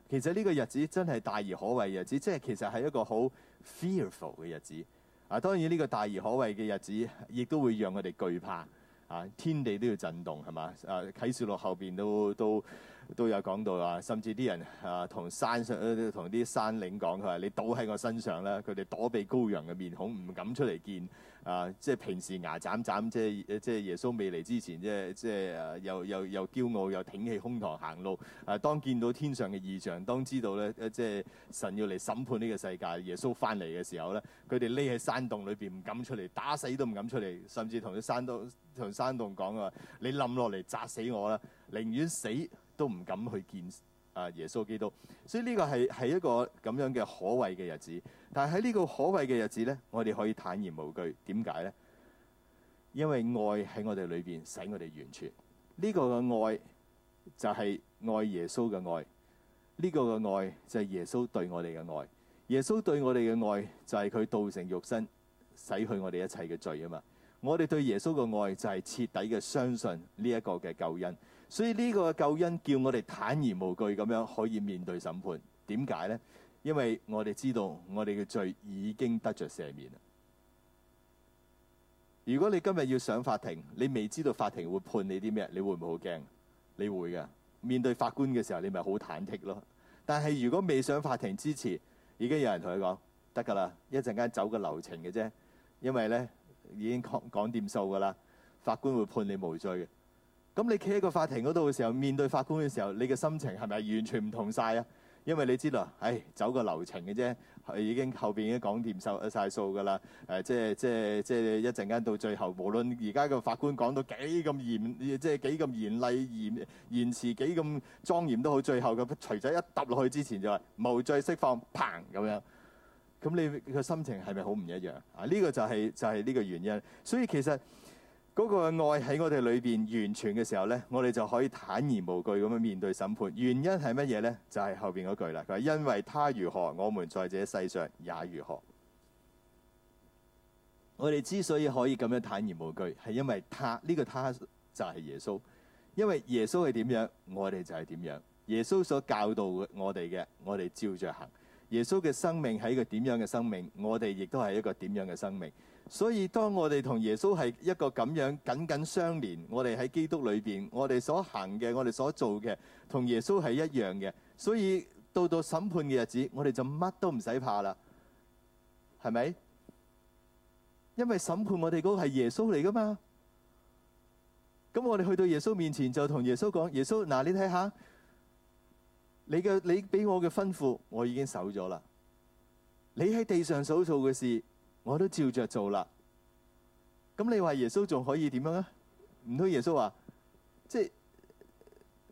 其實呢個日子真係大而可畏日子，即係其實係一個好 fearful 嘅日子。啊，當然呢個大而可畏嘅日子，亦都會讓我哋懼怕。啊，天地都要震動係嘛？啊，啟示錄後邊都都都有講到啊。甚至啲人啊同山上、啊、同啲山嶺講佢話：你倒喺我身上啦！佢哋躲避羔羊嘅面孔，唔敢出嚟見。啊！即係平時牙斬斬，即係即係耶穌未嚟之前，即係即係又又又驕傲，又挺起胸膛行路。啊！當見到天上嘅異象，當知道咧，即係神要嚟審判呢個世界，耶穌翻嚟嘅時候咧，佢哋匿喺山洞裏邊，唔敢出嚟，打死都唔敢出嚟，甚至同啲山洞同山洞講話：你冧落嚟砸死我啦！寧願死都唔敢去見啊！耶穌基督。所以呢個係係一個咁樣嘅可畏嘅日子。但喺呢個可畏嘅日子咧，我哋可以坦然無懼。點解咧？因為愛喺我哋裏邊使我哋完全。呢個嘅愛就係愛耶穌嘅愛。呢個嘅愛就係耶穌對我哋嘅愛。耶穌對我哋嘅愛就係佢道成肉身洗去我哋一切嘅罪啊嘛。我哋對耶穌嘅愛就係徹底嘅相信呢一個嘅救恩。所以呢個嘅救恩叫我哋坦然無懼咁樣可以面對審判。點解咧？因為我哋知道我哋嘅罪已經得着赦免啦。如果你今日要上法庭，你未知道法庭會判你啲咩，你會唔會好驚？你會㗎。面對法官嘅時候，你咪好忐忑咯。但係如果未上法庭之前，已經有人同你講得㗎喇，一陣間走個流程嘅啫。因為呢已經講講掂數㗎喇，法官會判你無罪嘅。咁你企喺個法庭嗰度嘅時候，面對法官嘅時候，你嘅心情係咪完全唔同晒啊？因為你知道，唉走個流程嘅啫，已經後面已經講掂晒曬數㗎啦。即係即係即係一陣間到最後，無論而家個法官講到幾咁嚴，即係幾咁嚴厲、嚴嚴詞幾咁莊嚴都好，最後個錘仔一揼落去之前就係、是、無罪釋放，砰咁樣。咁你個心情係咪好唔一樣啊？呢、這個就係、是、就係、是、呢個原因，所以其實。嗰個愛喺我哋裏面完全嘅時候呢，我哋就可以坦然無懼咁樣面對審判。原因係乜嘢呢？就係、是、後面嗰句啦。佢話：因為他如何，我們在這世上也如何。我哋之所以可以咁樣坦然無懼，係因為他呢、這個他就係耶穌。因為耶穌係點樣，我哋就係點樣。耶穌所教導我哋嘅，我哋照着行。耶穌嘅生命係一個點樣嘅生命，我哋亦都係一個點樣嘅生命。所以，當我哋同耶穌係一個咁樣緊緊相連，我哋喺基督裏邊，我哋所行嘅，我哋所做嘅，同耶穌係一樣嘅。所以到到審判嘅日子，我哋就乜都唔使怕啦，係咪？因為審判我哋嗰個係耶穌嚟噶嘛。咁我哋去到耶穌面前，就同耶穌講：耶穌，嗱你睇下，你嘅你俾我嘅吩咐，我已經守咗啦。你喺地上所做嘅事，我都照着做啦。咁你話耶穌仲可以點樣啊？唔通，耶穌話，即係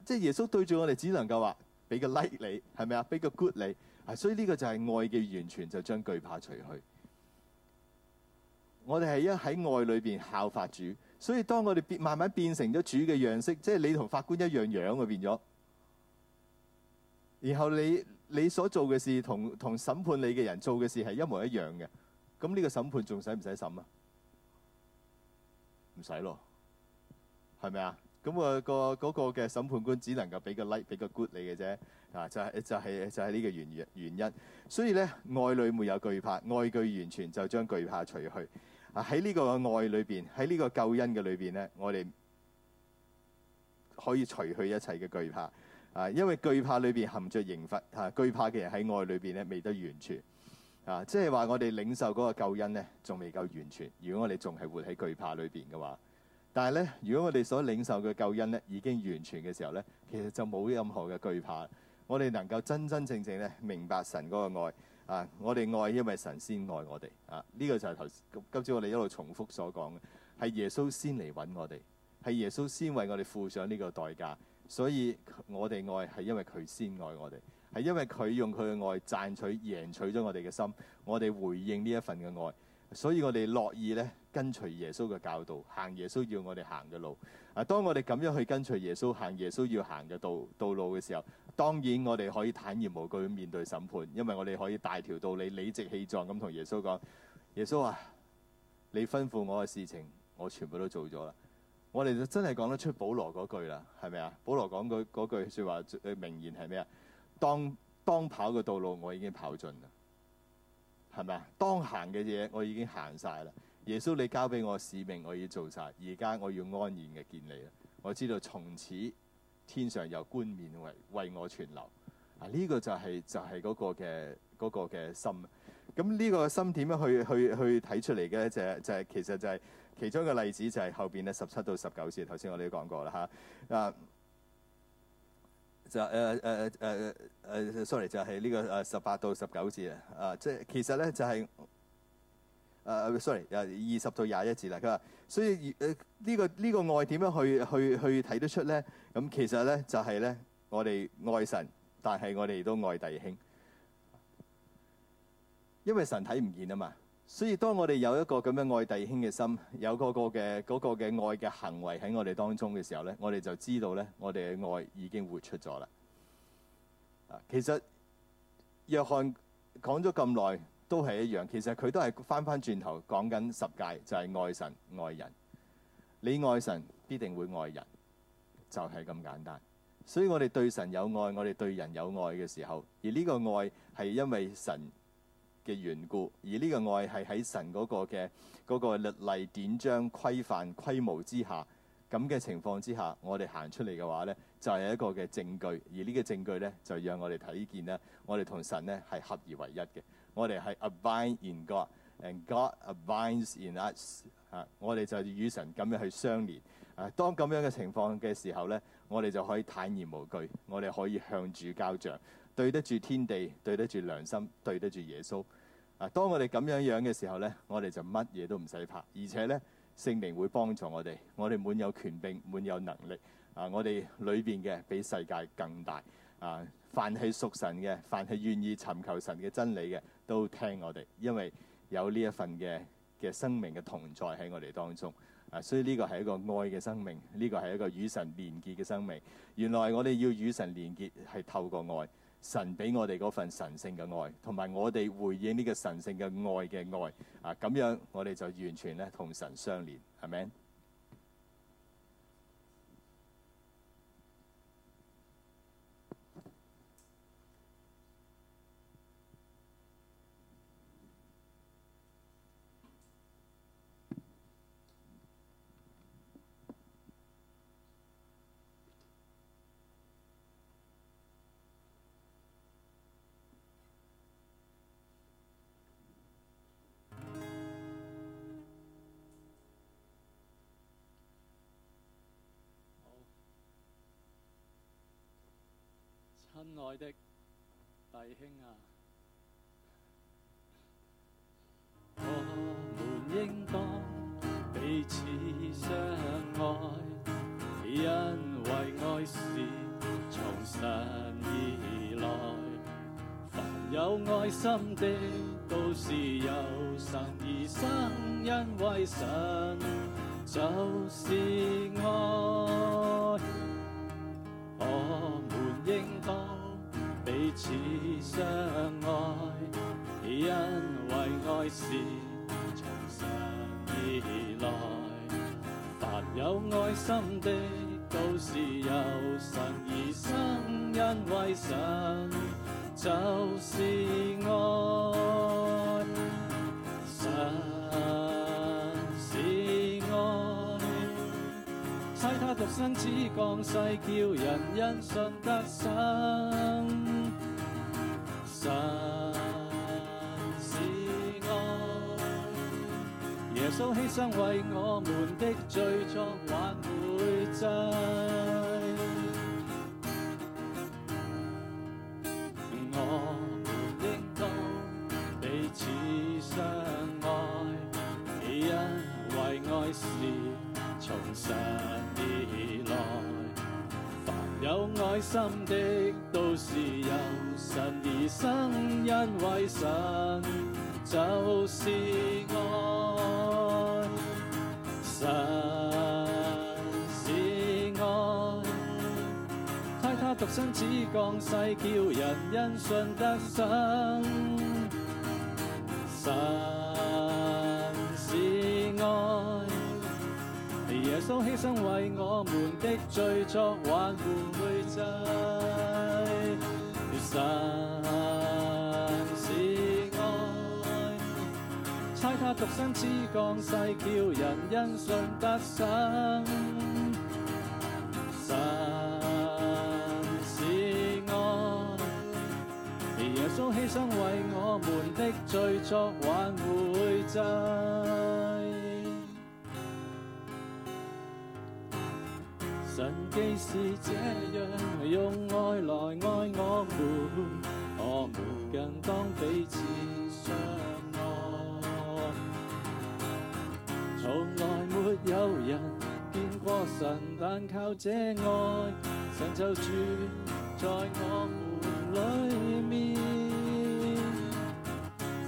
即係耶穌對住我哋只能夠話俾個 like 你，係咪啊？俾個 good 你，啊！所以呢個就係愛嘅完全，就將懼怕除去。我哋係一喺愛裏邊效法主，所以當我哋變慢慢變成咗主嘅樣式，即係你同法官一樣樣嘅變咗，然後你你所做嘅事同同審判你嘅人做嘅事係一模一樣嘅。咁呢個審判仲使唔使審啊？唔使咯，係咪啊？咁個個嗰個嘅審判官只能夠俾個 like 俾個 good 你嘅啫，啊就係就係就係呢個原原原因。所以咧，愛裏沒有懼怕，愛既完全就將懼怕除去。啊喺呢個愛裏面，喺呢個救恩嘅裏面咧，我哋可以除去一切嘅懼怕。啊，因為懼怕裏面含着刑罰。啊，懼怕嘅人喺愛裏面咧，未得完全。啊，即係話我哋領受嗰個救恩呢，仲未夠完全。如果我哋仲係活喺懼怕裏邊嘅話，但係呢，如果我哋所領受嘅救恩呢，已經完全嘅時候呢，其實就冇任何嘅懼怕。我哋能夠真真正正咧明白神嗰個愛。啊，我哋愛因為神先愛我哋。啊，呢個就係頭今朝我哋一路重複所講嘅，係耶穌先嚟揾我哋，係耶穌先為我哋付上呢個代價，所以我哋愛係因為佢先愛我哋，係因為佢用佢嘅愛賺取贏取咗我哋嘅心，我哋回應呢一份嘅愛，所以我哋樂意咧跟隨耶穌嘅教導，行耶穌要我哋行嘅路。啊，當我哋咁樣去跟隨耶穌行耶穌要行嘅道道路嘅時候，當然我哋可以坦然無懼面對審判，因為我哋可以大條道理理直氣壯咁同耶穌講：耶穌啊，你吩咐我嘅事情，我全部都做咗啦。我哋就真係講得出保羅嗰句啦，係咪啊？保羅講句説話誒名言係咩啊？當當跑嘅道路，我已經跑盡啦，係咪啊？當行嘅嘢，我已經行晒啦。耶穌，你交俾我使命，我已經做晒。而家我要安然嘅見你啦。我知道從此天上有冠冕為為我存留。啊，呢、這個就係、是、就係、是、嗰個嘅嗰個嘅心。咁呢個心點樣去去去睇出嚟嘅呢？就係、是、就係、是、其實就係、是、其中一個例子就是後面，就係後邊咧十七到十九節，頭先我哋都講過啦嚇啊。就誒誒誒誒，sorry，就係呢個誒十八到十九節啊，啊，即係其實咧就係、是、誒、uh,，sorry，誒二十到廿一節啦。佢話，所以誒、這、呢個呢、這個愛點樣去去去睇得出咧？咁其實咧就係咧，我哋愛神，但係我哋都愛弟兄，因為神睇唔見啊嘛。所以當我哋有一個咁樣嘅愛弟兄嘅心，有嗰個嘅嗰個嘅、嗰個、愛嘅行為喺我哋當中嘅時候咧，我哋就知道咧，我哋嘅愛已經活出咗啦。其實約翰講咗咁耐都係一樣，其實佢都係翻翻轉頭講緊十戒，就係、係、愛神愛人。你愛神必定會愛人，就係、係、咁簡單。所以我哋對神有愛，我哋對人有愛嘅時候，而呢個愛係因為神。嘅緣故，而呢個愛係喺神嗰個嘅嗰個律例典章規範規模之下，咁嘅情況之下，我哋行出嚟嘅話呢，就係一個嘅證據，而呢個證據呢，就讓我哋睇見呢，我哋同神呢係合而為一嘅，我哋係 abides in God and God abides in us，嚇、啊，我哋就與神咁樣去相連，啊，當咁樣嘅情況嘅時候呢，我哋就可以坦然無懼，我哋可以向主交賬。對得住天地，對得住良心，對得住耶穌啊！當我哋咁樣樣嘅時候呢，我哋就乜嘢都唔使怕，而且呢，聖靈會幫助我哋，我哋滿有權柄，滿有能力啊！我哋裏邊嘅比世界更大啊！凡係屬神嘅，凡係願意尋求神嘅真理嘅，都聽我哋，因為有呢一份嘅嘅生命嘅同在喺我哋當中啊！所以呢個係一個愛嘅生命，呢個係一個與神連結嘅生命。原來我哋要與神連結係透過愛。神給我哋嗰份神聖嘅愛，同埋我哋回應呢個神聖嘅愛嘅愛啊，咁樣我哋就完全呢同神相連，係咪？親愛的弟兄啊，我們應當彼此相愛，因為愛是從神以來。凡有愛心的，都是由神而生，因為神就是愛。多彼此相愛，因為愛是從神而來。凡有愛心的，都是由神而生，因為神就是愛。獨生子降世，叫人因信得生。神是愛，耶穌犧牲為我們的罪作挽回祭。心的都是由神而生，因為神就是愛，神是愛，差他獨生子降世，叫人因信得生。神是愛，耶穌犧牲為我們的罪作挽回。神是愛，差他獨生子降世，叫人因信得生。神是愛，耶穌犧牲為我們的罪作挽回祭。是這樣，用愛來愛我們，我們更當彼此相愛。從來沒有人見過神，但靠這愛，神就住在我們裏面。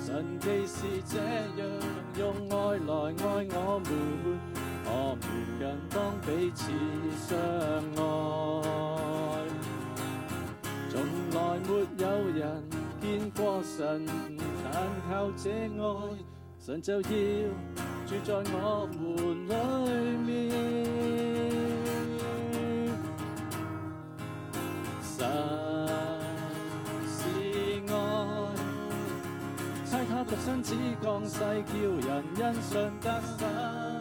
神既是這樣，用愛來愛我們。我們也當彼此相愛，從來沒有人見過神，但靠這愛，神就要住在我們裏面。神是愛，差他獨生子降世，叫人因他得生。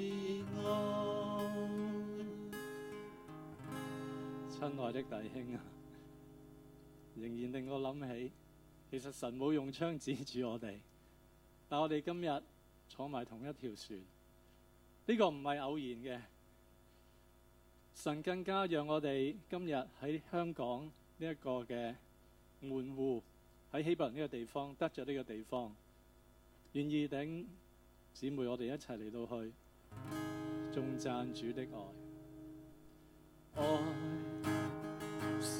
親愛的弟兄啊，仍然令我諗起，其實神冇用槍指住我哋，但我哋今日坐埋同一條船，呢、呢個唔係偶然嘅。神更加讓我哋今日喺香港呢一個嘅門戶，喺希伯倫呢個地方得着呢個地方，願意等姊妹我哋一齊嚟到去，頌讚主的愛，愛。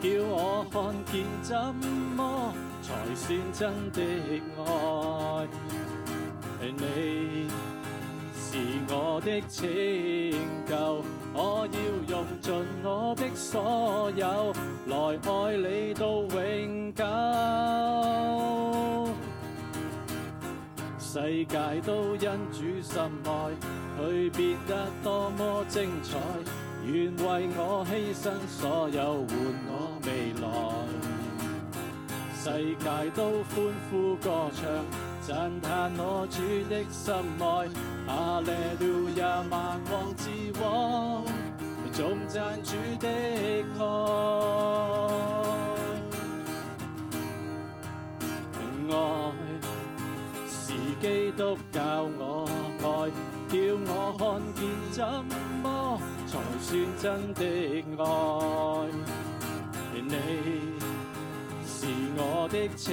叫我看見，怎麼才算真的愛？Hey, 你是我的拯救，我要用盡我的所有，來愛你到永久。世界都因主深愛，去變得多麼精彩。願為我犧牲所有，換我未來。世界都歡呼歌唱，讚嘆我主的心愛。阿利路亞，萬王之王，頌讚主的愛。愛是基督教我愛，叫我看見怎麼。才算真的愛，你是我的拯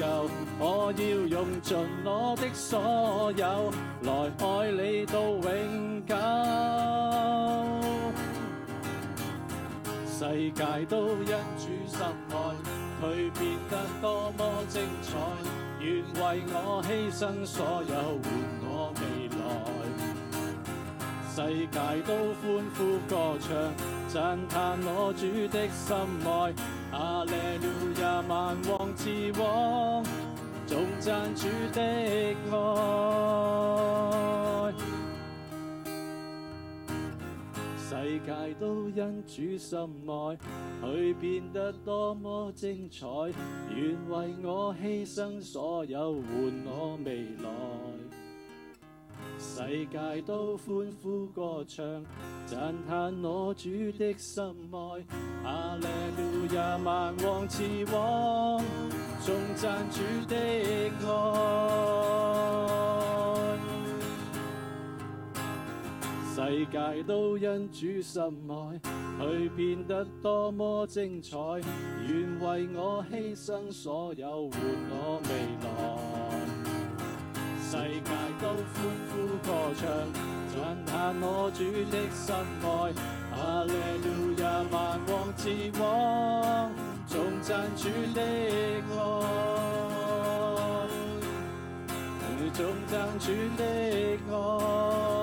救，我要用盡我的所有來愛你到永久。世界都因主深愛，佢變得多麼精彩，願為我犧牲所有，換我未來。世界都歡呼歌唱，讚嘆我主的心愛。哈利路亞，萬王之王，頌讚主的愛。世界都因主心愛，去變得多麼精彩。願為我犧牲所有，換我未來。世界都歡呼歌唱，讚歎我主的心愛。阿列路亞，萬王之王，仲讚主的愛。世界都因主心愛，去變得多麼精彩。願為我犧牲所有，活我未來。世界都歡呼歌唱，讚歎我主的恩愛，阿利路亞， ia, 萬王之王，頌讚主的愛，頌讚主的愛。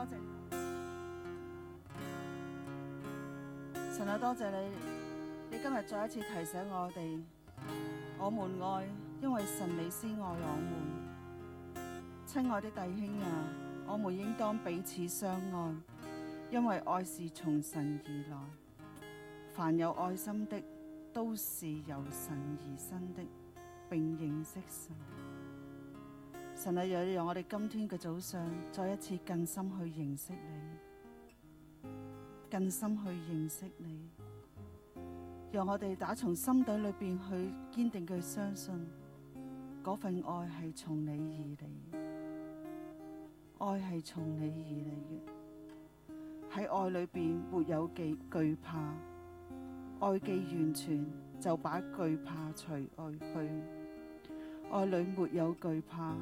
謝謝神啊，多謝你！你今日再一次提醒我哋，我們愛，因為神你先愛我們。親愛的弟兄啊，我們應當彼此相愛，因為愛是從神而來，凡有愛心的，都是由神而生的，並認識神。神啊，讓讓我哋今天嘅早上再一次更深去認識你，更深去認識你。讓我哋打從心底裏邊去堅定去相信，嗰份愛係從你而嚟，愛係從你而嚟嘅。喺愛裏邊沒有忌懼怕，愛既完全，就把懼怕除外去，愛裏沒有懼怕。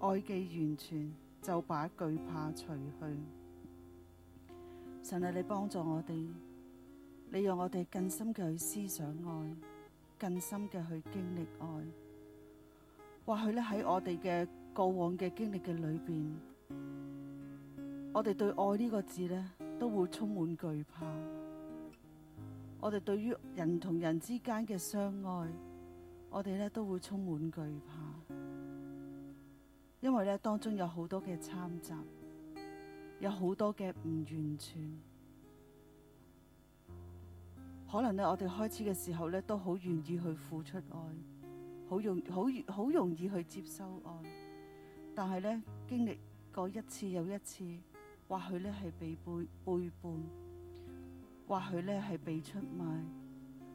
愛嘅完全就把懼怕除去，神啊，你幫助我哋，你讓我哋更深嘅去思想愛，更深嘅去經歷愛。或許呢，喺我哋嘅過往嘅經歷嘅裏邊，我哋對愛呢個字呢，都會充滿懼怕，我哋對於人同人之間嘅相愛，我哋呢都會充滿懼怕。因為咧，當中有好多嘅摻雜，有好多嘅唔完全。可能咧，我哋開始嘅時候咧，都好願意去付出愛，好容好好容易去接收愛。但係咧，經歷過一次又一次，或許咧係被背背叛，或許咧係被出賣，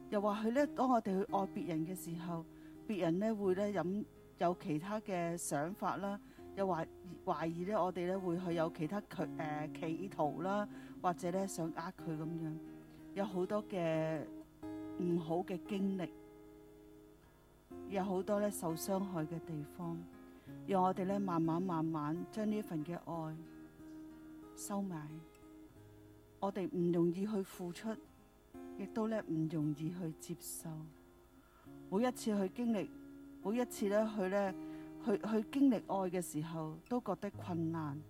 又或許咧，當我哋去愛別人嘅時候，別人咧會咧飲。有其他嘅想法啦，又懷懷疑咧，我哋咧會去有其他佢誒企圖啦、呃，或者咧想呃佢咁樣，有好多嘅唔好嘅經歷，有好多咧受傷害嘅地方，讓我哋咧慢慢慢慢將呢份嘅愛收埋，我哋唔容易去付出，亦都咧唔容易去接受，每一次去經歷。每一次咧，佢咧，佢佢經歷愛嘅時候，都覺得困難，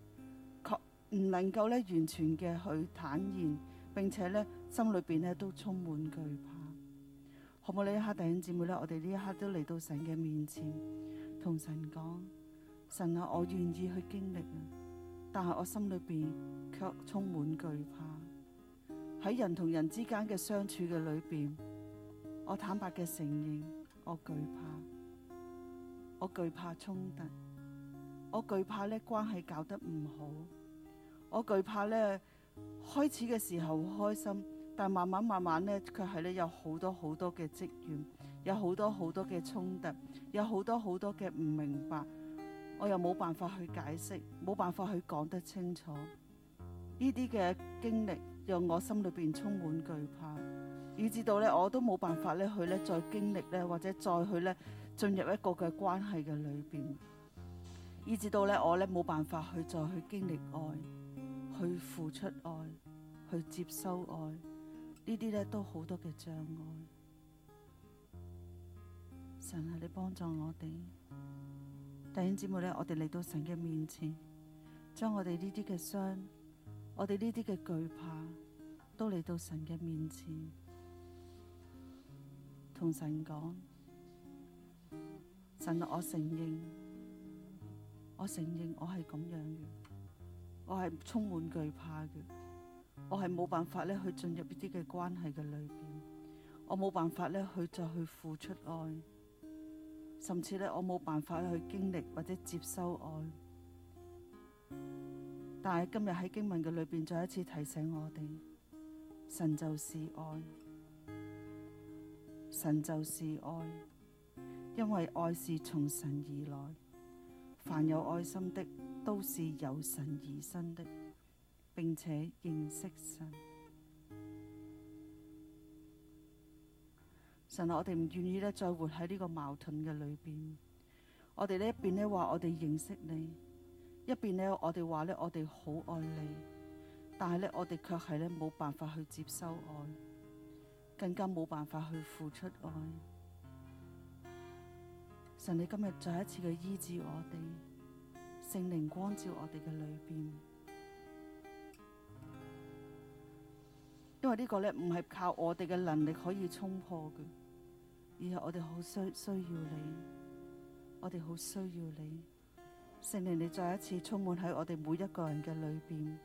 確唔能夠咧完全嘅去坦然。並且咧，心裏邊咧都充滿懼怕。好冇呢一刻，弟兄姊妹咧，我哋呢一刻都嚟到神嘅面前，同神講：神啊，我願意去經歷啊，但係我心裏邊卻充滿懼怕。喺人同人之間嘅相處嘅裏邊，我坦白嘅承認，我懼怕。我懼怕衝突，我懼怕咧關係搞得唔好，我懼怕咧開始嘅時候開心，但慢慢慢慢咧，卻係咧有好多好多嘅積怨，有好多好多嘅衝突，有好多好多嘅唔明白，我又冇辦法去解釋，冇辦法去講得清楚。呢啲嘅經歷，讓我心裏面充滿懼怕，以至到咧我都冇辦法咧去咧再經歷咧，或者再去咧。進入一個嘅關係嘅裏邊，以至到咧我咧冇辦法去再去經歷愛，去付出愛，去接收愛，呢啲咧都好多嘅障礙。神啊，你幫助我哋，弟兄姊妹咧，我哋嚟到神嘅面前，將我哋呢啲嘅傷，我哋呢啲嘅懼怕，都嚟到神嘅面前，同神講。神，我承認，我承認，我係咁樣嘅，我係充滿懼怕嘅，我係冇辦法咧去進入一啲嘅關係嘅裏邊，我冇辦法咧去就去付出愛，甚至咧我冇辦法去經歷或者接收愛，但係今日喺經文嘅裏邊再一次提醒我哋，神就是愛，神就是愛。因為愛是從神而來，凡有愛心的都是由神而生的，並且認識神。神啊，我哋唔願意咧再活喺呢個矛盾嘅裏邊。我哋呢一邊咧話我哋認識你，一邊呢我哋話咧我哋好愛你，但係呢，我哋卻係咧冇辦法去接收愛，更加冇辦法去付出愛。神，你今日再一次嘅醫治我哋，聖靈光照我哋嘅裏邊，因為呢個咧唔係靠我哋嘅能力可以衝破嘅，而係我哋好需需要你，我哋好需要你，聖靈你再一次充滿喺我哋每一個人嘅裏邊，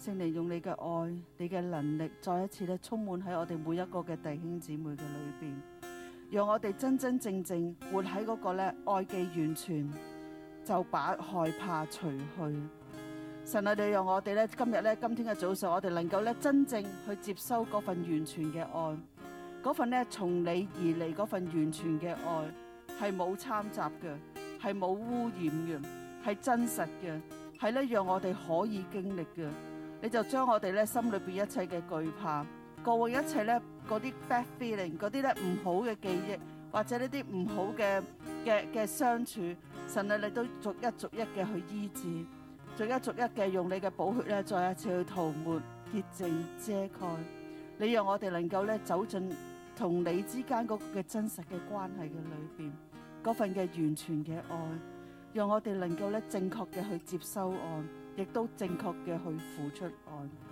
聖靈用你嘅愛，你嘅能力再一次咧充滿喺我哋每一個嘅弟兄姊妹嘅裏邊。讓我哋真真正正活喺嗰個咧愛嘅完全，就把害怕除去。神啊，你哋讓我哋咧今日咧今天嘅早上，我哋能夠咧真正去接收嗰份完全嘅愛，嗰份咧從你而嚟嗰份完全嘅愛，係冇摻雜嘅，係冇污染嘅，係真實嘅，係咧讓我哋可以經歷嘅。你就將我哋咧心裏邊一切嘅懼怕、過往一切咧。嗰啲 bad feeling，嗰啲咧唔好嘅記憶，或者呢啲唔好嘅嘅嘅相處，神啊，你都逐一逐一嘅去醫治，逐一逐一嘅用你嘅寶血咧，再一次去塗抹潔淨遮蓋，你讓我哋能夠咧走進同你之間嗰個嘅真實嘅關係嘅裏邊，嗰份嘅完全嘅愛，讓我哋能夠咧正確嘅去接收愛，亦都正確嘅去付出愛。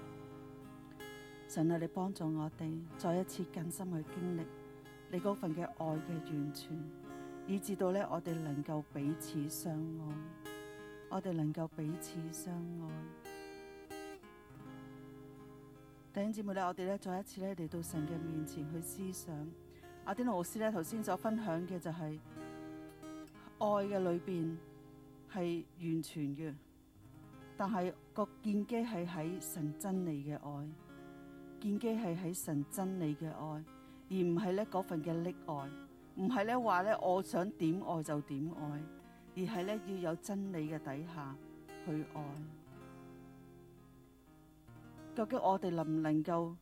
神啊！你幫助我哋再一次更深去經歷你嗰份嘅愛嘅完全，以至到呢，我哋能夠彼此相愛，我哋能夠彼此相愛。弟兄姊妹咧，我哋呢，再一次咧嚟到神嘅面前去思想 Adino 老師呢，頭先所分享嘅就係、是、愛嘅裏邊係完全嘅，但係個建基係喺神真理嘅愛。建基係喺神真理嘅愛，而唔係咧嗰份嘅溺愛，唔係咧話咧我想點愛就點愛，而係咧要有真理嘅底下去愛。究竟我哋能唔能夠？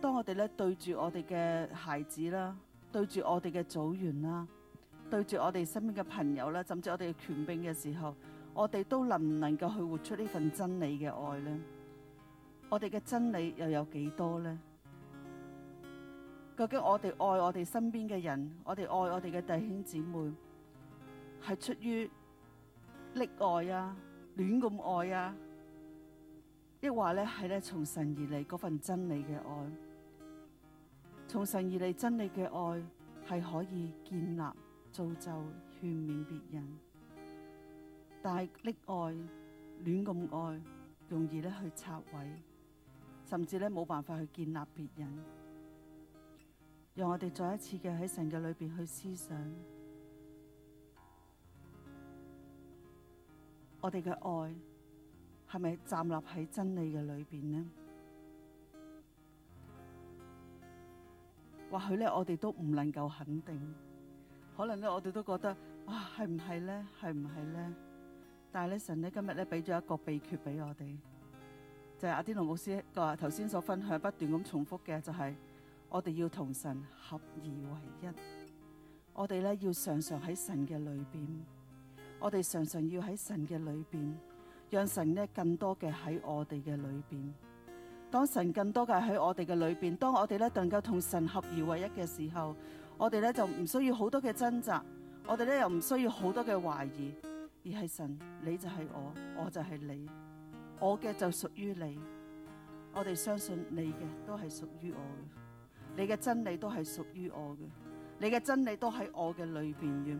當我哋咧對住我哋嘅孩子啦，對住我哋嘅組員啦，對住我哋身邊嘅朋友啦，甚至我哋嘅權柄嘅時候，我哋都能唔能夠去活出呢份真理嘅愛呢？我哋嘅真理又有幾多呢？究竟我哋愛我哋身邊嘅人，我哋愛我哋嘅弟兄姊妹，係出於溺愛啊、亂咁愛啊，抑或咧係咧從神而嚟嗰份真理嘅愛？從神而嚟真理嘅愛係可以建立、造就、勸勉別人，但係溺愛、亂咁愛，容易咧去拆毀。甚至咧冇辦法去建立別人，讓我哋再一次嘅喺神嘅裏邊去思想我們的是是的去，我哋嘅愛係咪站立喺真理嘅裏邊呢？或許咧，我哋都唔能夠肯定，可能咧，我哋都覺得啊，係唔係咧？係唔係咧？但係咧，神咧今日咧俾咗一個秘訣俾我哋。就係阿天龍牧師個頭先所分享，不斷咁重複嘅，就係，就係我哋要同神合而為一。我哋咧要常常喺神嘅裏邊，我哋常常要喺神嘅裏邊，讓神咧更多嘅喺我哋嘅裏邊。當神更多嘅喺我哋嘅裏邊，當我哋咧能夠同神合而為一嘅時候，我哋咧就唔需要好多嘅掙扎，我哋咧又唔需要好多嘅懷疑，而係神你就係我，我就係你。我嘅就屬於你，我哋相信你嘅都係屬於我嘅，你嘅真理都係屬於我嘅，你嘅真理都喺我嘅裏邊。讓，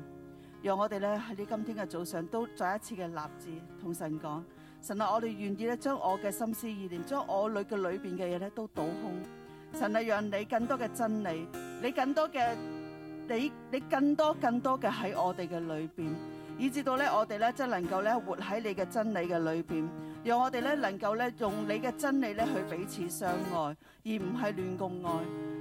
讓我哋咧喺你今天嘅早上都再一次嘅立志同神講，神啊，我哋願意咧將我嘅心思意念，將我裏嘅裏邊嘅嘢咧都倒空。神啊，讓你更多嘅真理，你更多嘅你你更多更多嘅喺我哋嘅裏邊，以至到咧我哋咧真能夠咧活喺你嘅真理嘅裏邊。讓我哋咧能夠咧用你嘅真理咧去彼此相愛，而唔係亂共愛。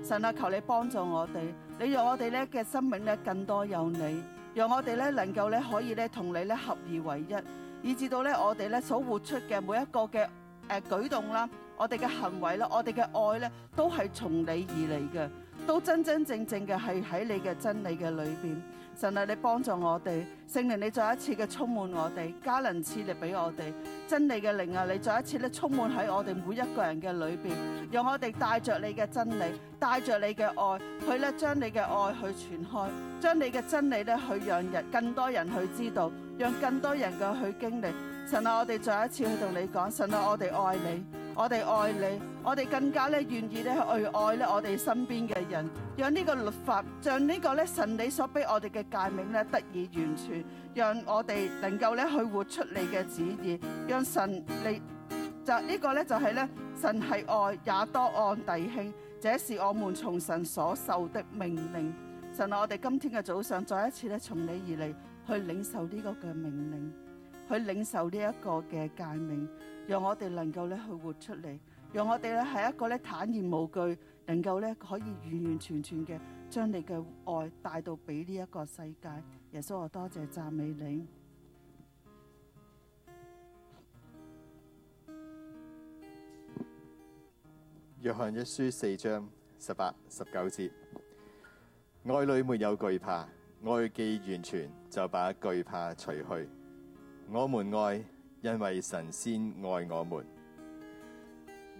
神啊，求你幫助我哋，你讓我哋咧嘅生命咧更多有你，讓我哋咧能夠咧可以咧同你咧合而為一，以至到咧我哋咧所活出嘅每一個嘅誒舉動啦，我哋嘅行為啦，我哋嘅愛咧都係從你而嚟嘅，都真真正正嘅係喺你嘅真理嘅裏邊。神啊，你幫助我哋，聖靈你再一次嘅充滿我哋，加能賜力俾我哋真理嘅靈啊！你再一次咧充滿喺我哋每一個人嘅裏邊，讓我哋帶着你嘅真理，帶着你嘅愛，去咧將你嘅愛去傳開，將你嘅真理咧去讓人更多人去知道，讓更多人嘅去經歷。神啊，我哋再一次去同你講，神啊，我哋愛你，我哋愛你。我哋更加咧願意咧去愛咧我哋身邊嘅人，讓呢個律法，將呢個咧神你所俾我哋嘅誡命咧得以完全，讓我哋能夠咧去活出你嘅旨意，讓神你就、這個、呢個咧就係、是、咧神係愛也多愛弟兄，這是我們從神所受的命令。神、啊，我哋今天嘅早上再一次咧從你而嚟去領受呢個嘅命令，去領受呢一個嘅誡命，讓我哋能夠咧去活出你。讓我哋咧係一個咧坦然無懼，能夠咧可以完完全全嘅將你嘅愛帶到俾呢一個世界。耶穌，我多謝讚美你。約翰一書四章十八十九節：愛裏沒有懼怕，愛既完全，就把懼怕除去。我們愛，因為神先愛我們。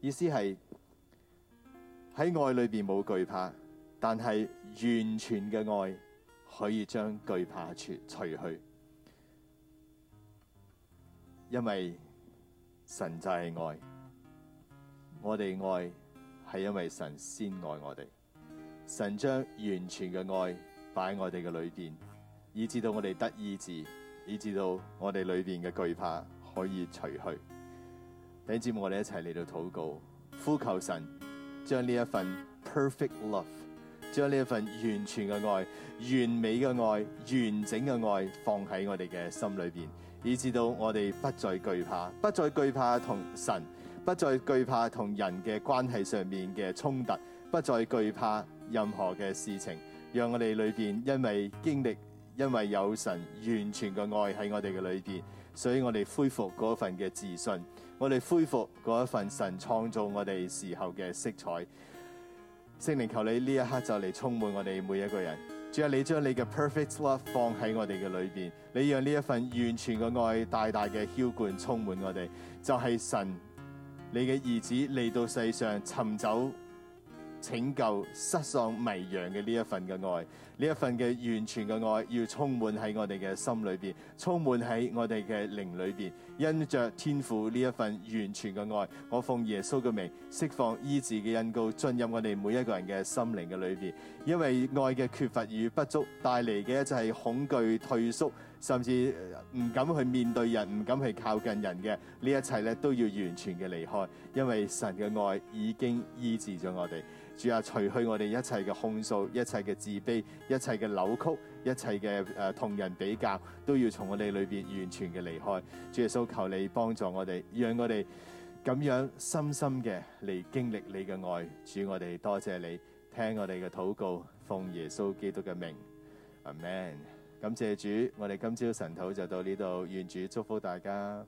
意思係喺愛裏邊冇懼怕，但係完全嘅愛可以將懼怕除除去，因為神就係愛，我哋愛係因為神先愛我哋，神將完全嘅愛擺喺我哋嘅裏邊，以至到我哋得醫治，以至到我哋裏邊嘅懼怕可以除去。等節目，我哋一齊嚟到禱告，呼求神將呢一份 perfect love，將呢一份完全嘅愛、完美嘅愛、完整嘅愛放喺我哋嘅心裏邊，以至到我哋不再懼怕，不再懼怕同神，不再懼怕同人嘅關係上面嘅衝突，不再懼怕任何嘅事情。讓我哋裏邊因為經歷，因為有神完全嘅愛喺我哋嘅裏邊，所以我哋恢復嗰份嘅自信。我哋恢復嗰一份神創造我哋時候嘅色彩，聖靈求你呢一刻就嚟充滿我哋每一個人。只要你將你嘅 perfect love 放喺我哋嘅裏邊，你讓呢一份完全嘅愛大大嘅澆灌充滿我哋。就係、是、神，你嘅兒子嚟到世上尋找。拯救失喪迷羊嘅呢一份嘅愛，呢一份嘅完全嘅愛，要充滿喺我哋嘅心裏邊，充滿喺我哋嘅靈裏邊。因着天父呢一份完全嘅愛，我奉耶穌嘅名釋放醫治嘅恩膏，進入我哋每一個人嘅心靈嘅裏邊。因為愛嘅缺乏與不足帶嚟嘅一就係恐懼、退縮，甚至唔敢去面對人，唔敢去靠近人嘅呢一切咧，都要完全嘅離開。因為神嘅愛已經醫治咗我哋。主啊，除去我哋一切嘅控訴、一切嘅自卑、一切嘅扭曲、一切嘅誒同人比較，都要從我哋裏邊完全嘅離開。主耶穌，求你幫助我哋，讓我哋咁樣深深嘅嚟經歷你嘅愛。主，我哋多謝你，聽我哋嘅禱告，奉耶穌基督嘅名，阿 man，感謝主，我哋今朝晨禱就到呢度，願主祝福大家。